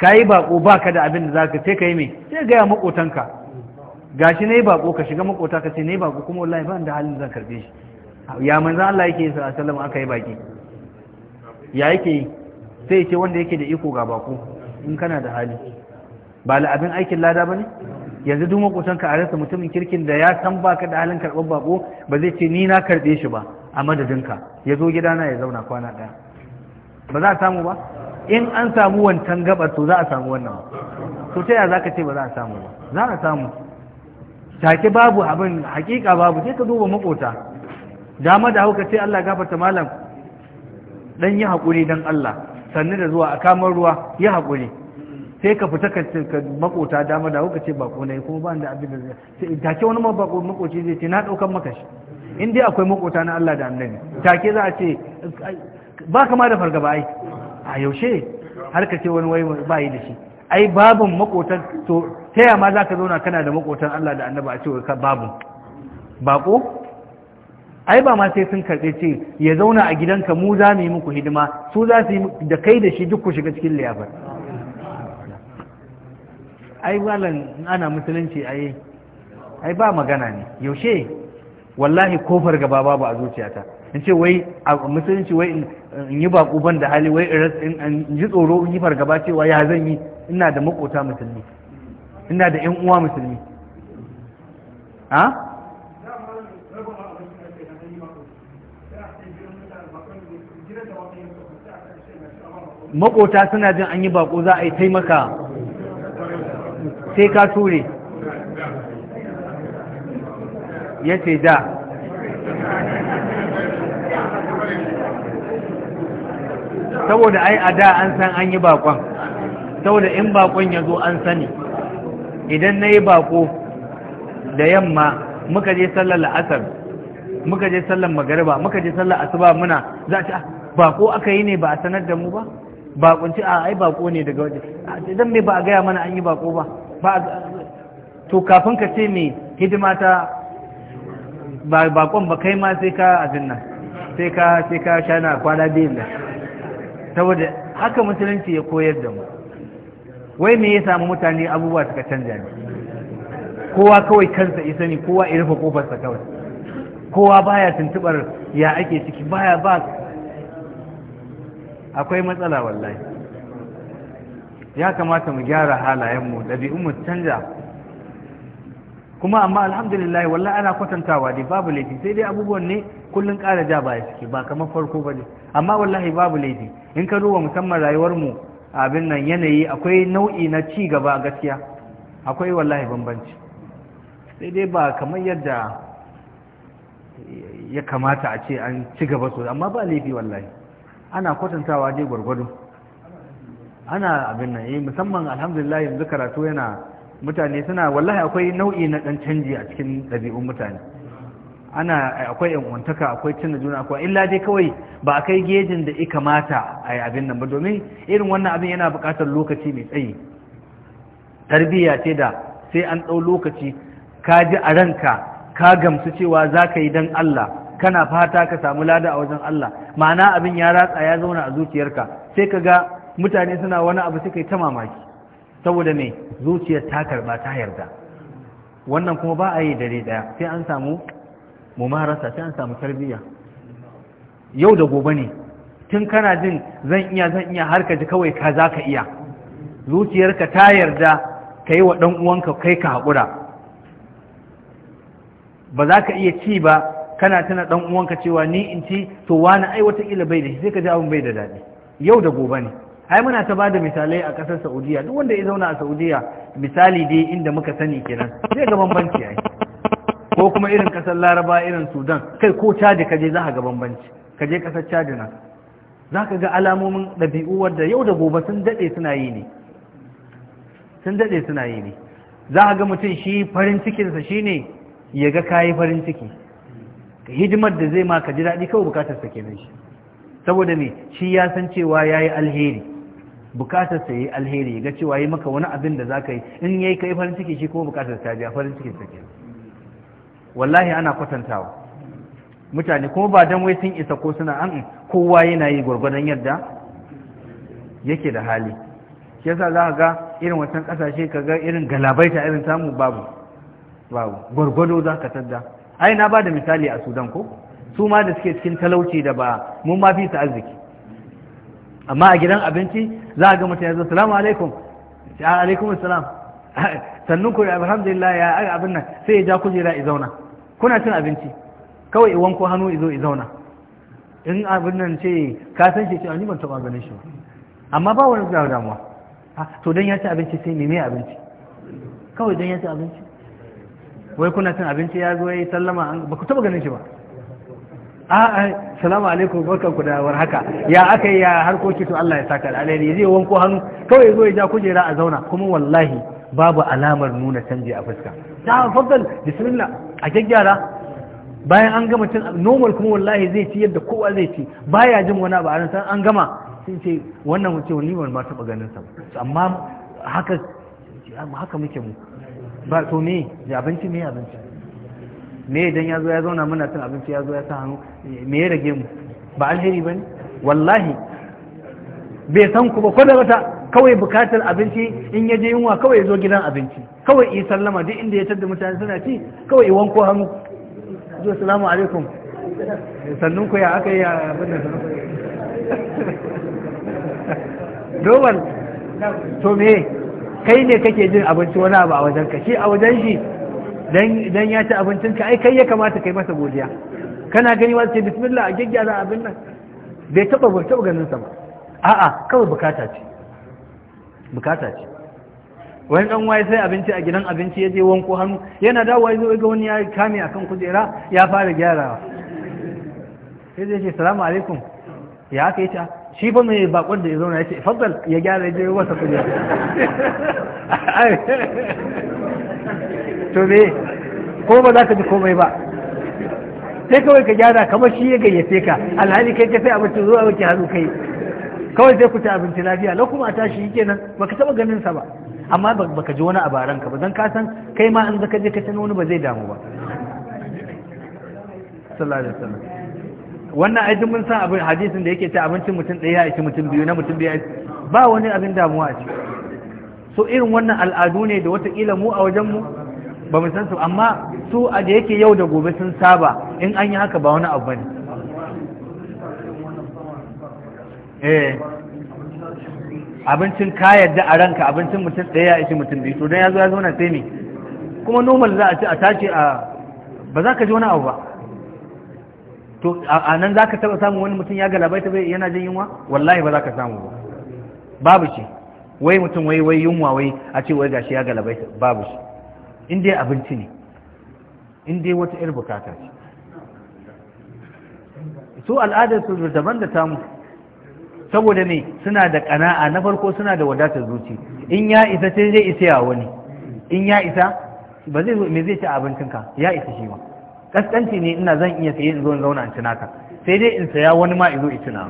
ka yi bako ba ka da abin da za ka sai ka yi mai sai gaya makotanka ga shi na yi bako ka shiga makota ka ce na yi bako kuma wallahi ba da halin zan karbe shi ya manzan Allah yake yi sallallahu salama aka yi baki ya yake yi sai ce wanda yake da iko ga bako in kana da hali ba la abin aikin lada ba ne yanzu duk makotanka a rasa mutumin kirkin da ya san ba ka da halin karɓar bako ba zai ce ni na karɓe shi ba a madadinka ya zo gidana ya zauna kwana ɗaya ba za a samu ba in an samu wancan gabar to za a samu wannan to ta yaya za ka ce ba za a samu ba za a samu take babu abin hakika babu sai ka duba makota dama da hauka ce Allah gafarta malam dan yi hakuri dan Allah sannu da zuwa a kamar ruwa yi hakuri sai ka fita ka makota dama da hauka ce bako ne kuma ba da abin da zai take wani mabako makoci zai ce na daukan maka shi in dai akwai makota na Allah da annabi take za a ce ba kama da fargaba ai a yaushe har ka ce wani wai ba yi da shi ai babin makotan to ta yama za ka zauna kana da makotan Allah da annaba a ce wai babin bako ai ba ma sai sun karɓe ce ya zauna a gidanka mu za mu yi muku hidima su za su yi da kai da shi duk ku shiga cikin liyafar ai walan ana musulunci ai ai ba magana ne yaushe wallahi kofar gaba babu a zuciyata in ce wai a musulunci wai in yi baƙo ban da hali wai in ji tsoro in yi fargaba cewa ya zan yi ina da makota musulmi ina da yan uwa musulmi ha makota suna jin an yi baƙo za a yi taimaka sai ka ture ya ce da saboda ai a da an san an yi bakon saboda in bakon ya zo an sani idan na yi bako da yamma muka je sallar la'asar muka je sallar magariba muka je sallar asuba muna za a ci ah, bako aka yi ne ba a sanar da mu ba bakunci a ah, ai bako ne daga waje ah, idan me ba a gaya mana an yi bako ba to kafin ka ce me hidima ta bakon ba kai ma sai ka a nan sai ka sha na shana kwana biyun da. saboda haka musulunci ya koyar da mu wai me ya samu mutane abubuwa suka canja ne kowa kawai kansa isa ne kowa ya rufe kofarsa kawai kowa baya tuntubar ya ake ciki baya ba akwai matsala wallahi ya kamata mu gyara halayenmu ɗabi'unmu canja kuma amma alhamdulillah wallahi ana kwatantawa dai babu laifi sai dai abubuwan ne kullun ƙara ja baya suke ba kamar farko ba ne amma wallahi babu laifi in ka duba musamman rayuwar mu abin nan yanayi akwai nau'i na ci gaba gaskiya akwai wallahi bambanci sai dai ba kamar yadda ya kamata a ce an ci gaba so amma ba laifi wallahi ana kwatantawa dai gwargwado ana abin nan eh musamman alhamdulillah yanzu karatu yana mutane suna wallahi akwai nau'i na dan canji a cikin ɗabi'un mutane ana akwai uwantaka akwai cin juna akwai illa dai kawai ba a kai gejin da ika mata a yi abin nan ba domin irin wannan abin yana buƙatar lokaci mai tsayi tarbiyya ce da sai an ɗau lokaci ka ji a ranka ka gamsu cewa za ka yi don Allah kana fata ka samu lada a wajen Allah ma'ana abin ya ratsa ya zauna a zuciyarka sai ka ga mutane suna wani abu suka yi ta mamaki saboda me zuciyar ta karba ta yarda wannan kuma ba a yi dare ɗaya sai an samu mumarasa sai an samu tarbiyya yau da gobe ne tun kana jin zan iya zan iya har ka ji kawai ka za ka iya zuciyarka ta yarda ka yi wa ɗan uwanka kai ka haƙura ba za ka iya ci ba kana tana ɗan uwanka cewa ni in ci to wani ai wataƙila bai da shi sai ka ji abin bai da daɗi yau da gobe ne ai muna ta bada misalai a ƙasar saudiya duk wanda ya zauna a saudiya misali dai inda muka sani kenan zai ga bambanci ai ko kuma irin kasar laraba irin sudan kai ko caji kaje za ka ga bambanci kaje kasar caji na za ka ga alamomin ɗabi'u wadda yau da gobe sun daɗe suna yi ne sun daɗe suna yi ne za ka ga mutum shi farin cikinsa shi ne ya ga kayi farin ciki hidimar da zai ma ka ji daɗi kawai bukatarsa kenan shi saboda me shi ya san cewa ya yi alheri bukatar sa yi alheri ya ga cewa yi maka wani abin da za ka yi in ya yi kai farin ciki shi kuma bukatar ta biya farin cikin sa kenan wallahi ana kwatantawa mutane kuma ba don wai sun isa ko suna an kowa yana yi gwargwadon yadda yake da hali shi yasa za ka ga irin wancan kasashe ka ga irin galabaita irin samu babu babu gwargwado za ka tadda ai na ba da misali a sudan ko su ma da suke cikin talauci da ba mun ma fi su arziki amma a gidan abinci za a ga mutane ya zo salamu alaikum alaikum salam sannu ku alhamdulillah ya ai abin nan sai ya ja kujera i zauna kuna cin abinci kawai iwan ko hannu izo i zauna in abin nan ce ka san shi ce ni ban taba ganin shi amma ba wani zuwa damuwa ah, to dan ya ci abinci sai me me abinci kawai dan ya ci abinci wai kuna cin abinci ya zo yayi sallama ba ku taba ganin shi ba a'a ah, ah, salamu alaikum barkan ku da warhaka ya aka ya harkoki to Allah ya saka alheri zai wanko hannu kawai zo ya ja kujera a zauna kuma wallahi babu alamar nuna canji a fuska ta faddal bismillah a gyaggyara bayan an gama cin normal kuma wallahi zai ci yadda kowa zai ci baya jin wani abu a ran san an gama sun ce wannan wuce wani wani ma taba ganin sa amma haka haka muke mu ba to me ya abinci me abinci me idan ya zo ya zauna muna cin abinci ya zo ya sa hannu me ya rage mu ba alheri bane wallahi bai san ku ba ko da wata kawai bukatar abinci in ya je yunwa kawai ya zo gidan abinci kawai yi sallama duk inda ya tadda mutane suna ci kawai yi wanko hannu zuwa salamu alaikum sannun ku ya aka yi a abin da sannun dogon to me kai ne kake jin abinci wani abu a wajen ka shi a wajen shi dan ya ci abincin ka ai kai ya kamata kai masa godiya kana gani wasu ce bismillah a gyaggyara abin nan bai taba ganin sa ba a'a kawai bukata ce bukata ce wani dan waye sai abinci a gidan abinci ya je wanko hannu yana dawowa ya zo ga wani ya kame akan kujera ya fara gyarawa sai zai ce salamu alaikum ya aka ita? shi fa mai bakon da ya zauna ya ce faddal ya gyara ya je wasa kujera to me ko ba za ka ji komai ba sai kawai ka gyara kamar shi ya gayyace ka alhali kai ka sai abinci zuwa wuce hannu kai kawai sai ku ci abinci lafiya lau kuma a tashi yake nan baka taba ganin sa ba amma baka ji wani abaran ka ba zan ka san kai ma an zaka je ka tana wani ba zai damu ba sallallahu alaihi wasallam wannan aikin mun san abin hadisin da yake ta abincin mutum ɗaya ya ci mutum biyu na mutum biyu ba wani abin damuwa a ciki so irin wannan al'adu ne da watakila mu a wajenmu ba mu san su amma su a da yake yau da gobe sun saba in an yi haka ba wani abu ne Eh. abincin ka yadda a ranka abincin mutum ɗaya ya ishi mutum biyu to don ya zo ya zauna sai ne kuma normal za a ci a tashi a ba za ka ji wani abu ba to a nan za ka taɓa samu wani mutum ya galabaita bai yana jin yunwa wallahi ba za ka samu ba babu ce wai mutum wai wai yunwa wai a ce wai gashi ya galabaita babu shi in dai abinci ne in dai wata 'yar bukata ce su al'adar su daban da tamu saboda me suna da ƙana'a na farko suna da wadatar zuci in ya isa sai zai isa ya wani in ya isa ba zai me zai ci ka? ya isa shi ma kaskanci ne ina zan iya saye in zo in zauna in tuna sai dai in saya wani ma in zo in tuna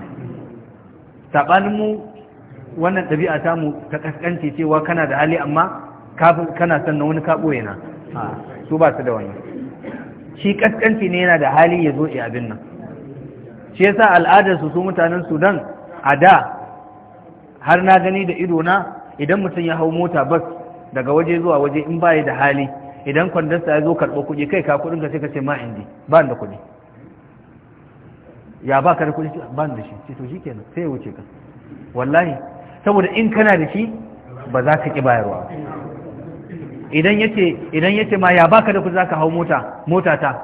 sabanin mu wannan dabi'a ta mu ta kaskanci cewa kana da hali amma kafin kana son na wani kabo yana su ba su da wani shi kaskanci ne yana da hali ya zo abin nan shi yasa al'adar su su mutanen Sudan a da har na gani da idona idan mutum ya hau mota bas daga waje zuwa waje in baya da hali idan kwandasta ya zo karɓo kuɗi kai ka kuɗin ka sai ka ce ma indi ba da kuɗi ya ba ka da kuɗi ba da shi ce to shi kenan sai ya wuce ka wallahi saboda in kana da shi ba za ka ƙi bayarwa idan yace idan yace ma ya baka da kuɗi za ka hau mota mota ta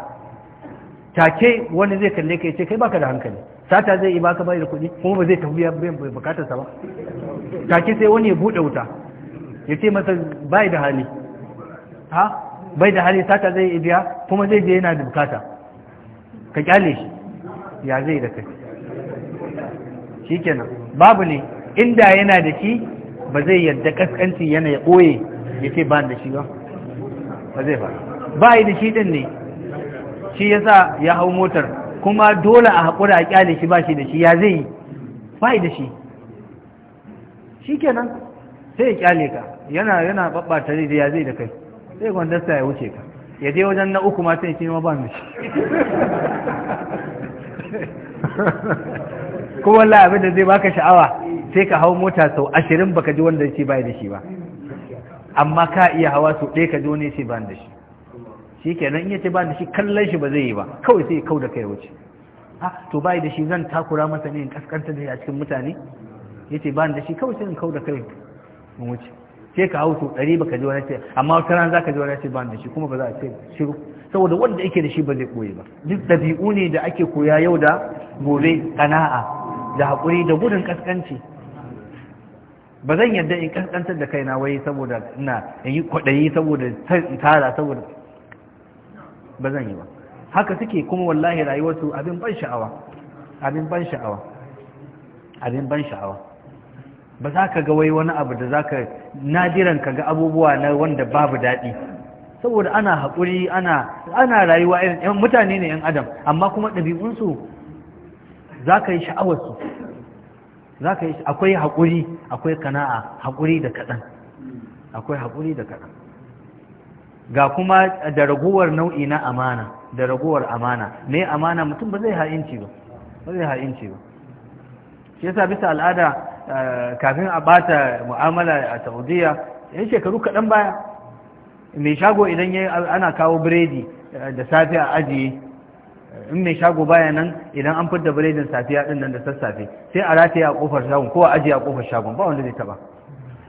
take wani zai kalle ka ya ce kai baka da hankali sata zai yi baka bai da kuɗi kuma ba zai tafi biyan bukatarsa ba take sai wani ya buɗe wuta ya ce masa bai da hali ha bai da hali sata zai yi biya kuma zai je yana da bukata ka kyale shi ya zai da kai shikenan babu ne inda yana da shi ba zai yadda kaskanci yana ya ɓoye ya ce ba da shi ba ba zai ba ba yi da shi ɗin ne shi ya sa ya hau motar kuma dole a haƙura a ƙyale shi ba shi da shi ya zai yi fa’i da shi shi kenan sai ya ƙyale ka yana yana babbata zai da ya zai da kai sai gwandasta ya wuce ka ya je wajen na uku matan shi ma ba mu shi kuma Allah abin da zai baka sha'awa sai ka hau mota sau ashirin baka ji wanda ya ce bai da shi ba amma ka iya hawa sau ɗaya ka ji wani ya ce ba da shi shi kenan iya ce ba da shi kallon shi ba zai yi ba kawai sai kau da kai wuce ha to bai da shi zan takura masa ne in kaskanta da shi a cikin mutane yace ba da shi kawai sai in kau da kai in wuce Ke ka hauto ɗari ba ka ji wani ce amma wata ran za ka ji wani ce ba da shi kuma ba za a ce shiru saboda wanda yake da shi ba zai koyi ba duk ɗabi'u ne da ake koya yau da gobe kana'a da haƙuri da gudun kaskanci ba zan yarda in kaskantar da kaina wai saboda ina in yi kwaɗayi saboda tara saboda ba zan yi ba haka suke kuma wallahi rayuwarsu abin ban sha'awa abin ban sha'awa abin ban sha'awa ba za ka ga wai wani abu da za ka nadiran ka ga abubuwa na wanda babu daɗi saboda ana haƙuri ana ana rayuwa irin yan mutane ne yan adam amma kuma ɗabi'unsu za ka yi sha'awarsu za ka yi akwai haƙuri akwai kana'a haƙuri da kaɗan akwai haƙuri da kaɗan ga kuma da raguwar nau'i na amana da raguwar amana Me amana mutum ba zai ha'inci ba ba zai ha'inci ba shi yasa bisa al'ada eh, kafin a bata mu'amala a saudiya yan shekaru kaɗan baya mai shago idan ana kawo biredi eh, da safe a ajiye in mai shago baya nan idan an fidda biredin safiya ɗin nan da sassafe sai a rataye a kofar shagon ko a ajiye a kofar shagon ba wanda zai taba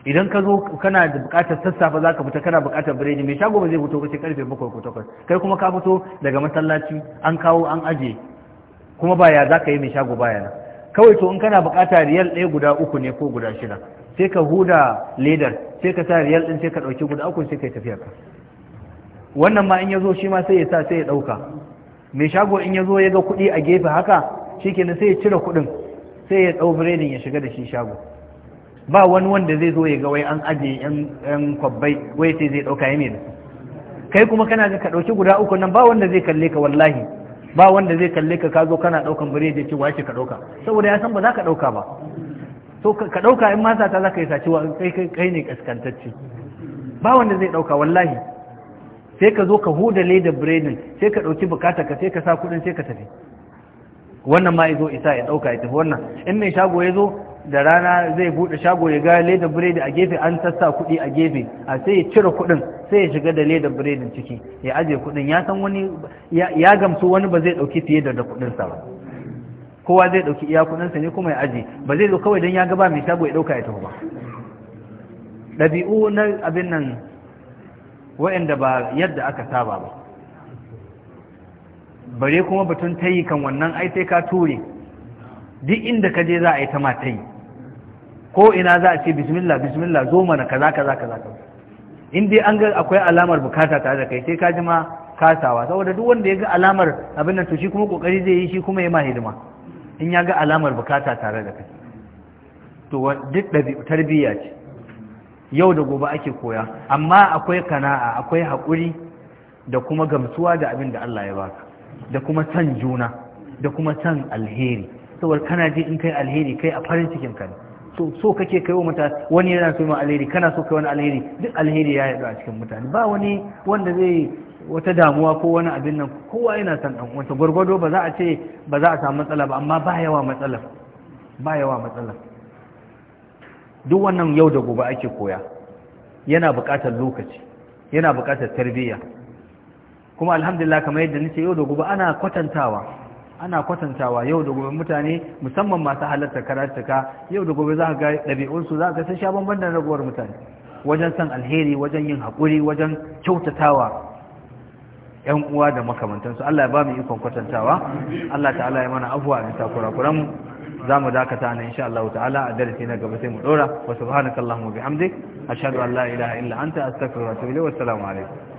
idan ka zo kana da bukatar sassafe za ka fita kana bukatar biredi mai shago ba zai fito ba sai karfe bakwai ko takwas kai kuma ka fito daga masallaci an kawo an aje kuma ya za ka yi mai shago baya na kawai to in kana bukata riyal ɗaya guda uku ne ko guda shida sai ka huda ledar sai ka sa riyal ɗin sai ka ɗauki guda uku sai ka yi tafiya ka wannan ma in ya zo shi ma sai ya sa sai ya ɗauka mai shago in ya zo ya ga kuɗi a gefe haka shi kenan sai ya cire kuɗin sai ya ɗau biredin ya shiga da shi shago ba wani wanda zai zo ya ga wai an ajiye yan kwabbai wai sai zai ɗauka ya da kai kuma kana ga ka ɗauki guda uku nan ba wanda zai kalle ka wallahi ba wanda zai kalle ka ka zo kana ɗaukan biredi ce wace ka ɗauka saboda ya san ba za ka ɗauka ba to ka ɗauka in masa ta za ka yi sace wa kai kai ne kaskantacce ba wanda zai ɗauka wallahi sai ka zo ka huda leda biredin sai ka ɗauki bukata ka sai ka sa kuɗin sai ka tafi wannan ma ya zo isa ya ɗauka ya tafi wannan in mai shago ya zo da rana zai buɗe shago ya ga leda biredi a gefe an tassa kuɗi a gefe a sai ya cire kuɗin sai ya shiga da leda biredin ciki ya ajiye kuɗin ya san wani ya gamsu wani ba zai ɗauki fiye da kuɗinsa ba kowa zai ɗauki iya sa ne kuma ya ajiye ba zai zo kawai dan ya gaba mai shago ya ɗauka ya tafi ba dabi'u na abin nan wa'anda ba yadda aka saba ba bare kuma batun tayi kan wannan ai sai ka ture duk inda ka je za a yi ta ma ko ina za a ce bismillah bismillah zo mana kaza kaza kaza in dai an ga akwai alamar bukata tare da kai sai ka jima kasawa saboda duk wanda ya ga alamar abin nan to shi kuma kokari zai yi shi kuma ya ma hidima in ya ga alamar bukata tare da kai to duk tarbiyya ce yau da gobe ake koya amma akwai kana'a akwai haƙuri da kuma gamsuwa da abin da Allah ya baka da kuma san juna da kuma san alheri saboda kana ji in kai alheri kai a farin cikin ka ne so kake kai wa mutane wani yana so ma alheri kana so kai wani alheri duk alheri ya yaɗu a cikin mutane ba wani wanda zai wata damuwa ko wani abin nan kowa yana san dan wata gurgurdo ba za a ce ba za a samu matsala ba amma ba yawa matsala ba yawa matsala duk wannan yau da gobe ake koya yana buƙatar lokaci yana buƙatar tarbiyya kuma alhamdulillah kamar yadda nace yau da gobe ana kwatantawa ana kwatantawa yau da gobe mutane musamman masu halarta karatuka yau da gobe za ka ga ɗabi'unsu za ka sai sha bamban da ragowar mutane wajen san alheri wajen yin haƙuri wajen kyautatawa yan uwa da makamantansu Allah ya ba mu ikon kwatantawa Allah ta'ala ya mana afuwa a bisa mu za mu dakata na insha Allah ta'ala a darasi na gaba sai mu dora wa subhanakallahumma bihamdik ashhadu an la ilaha illa anta astaghfiruka wa atubu ilayk wa assalamu alaikum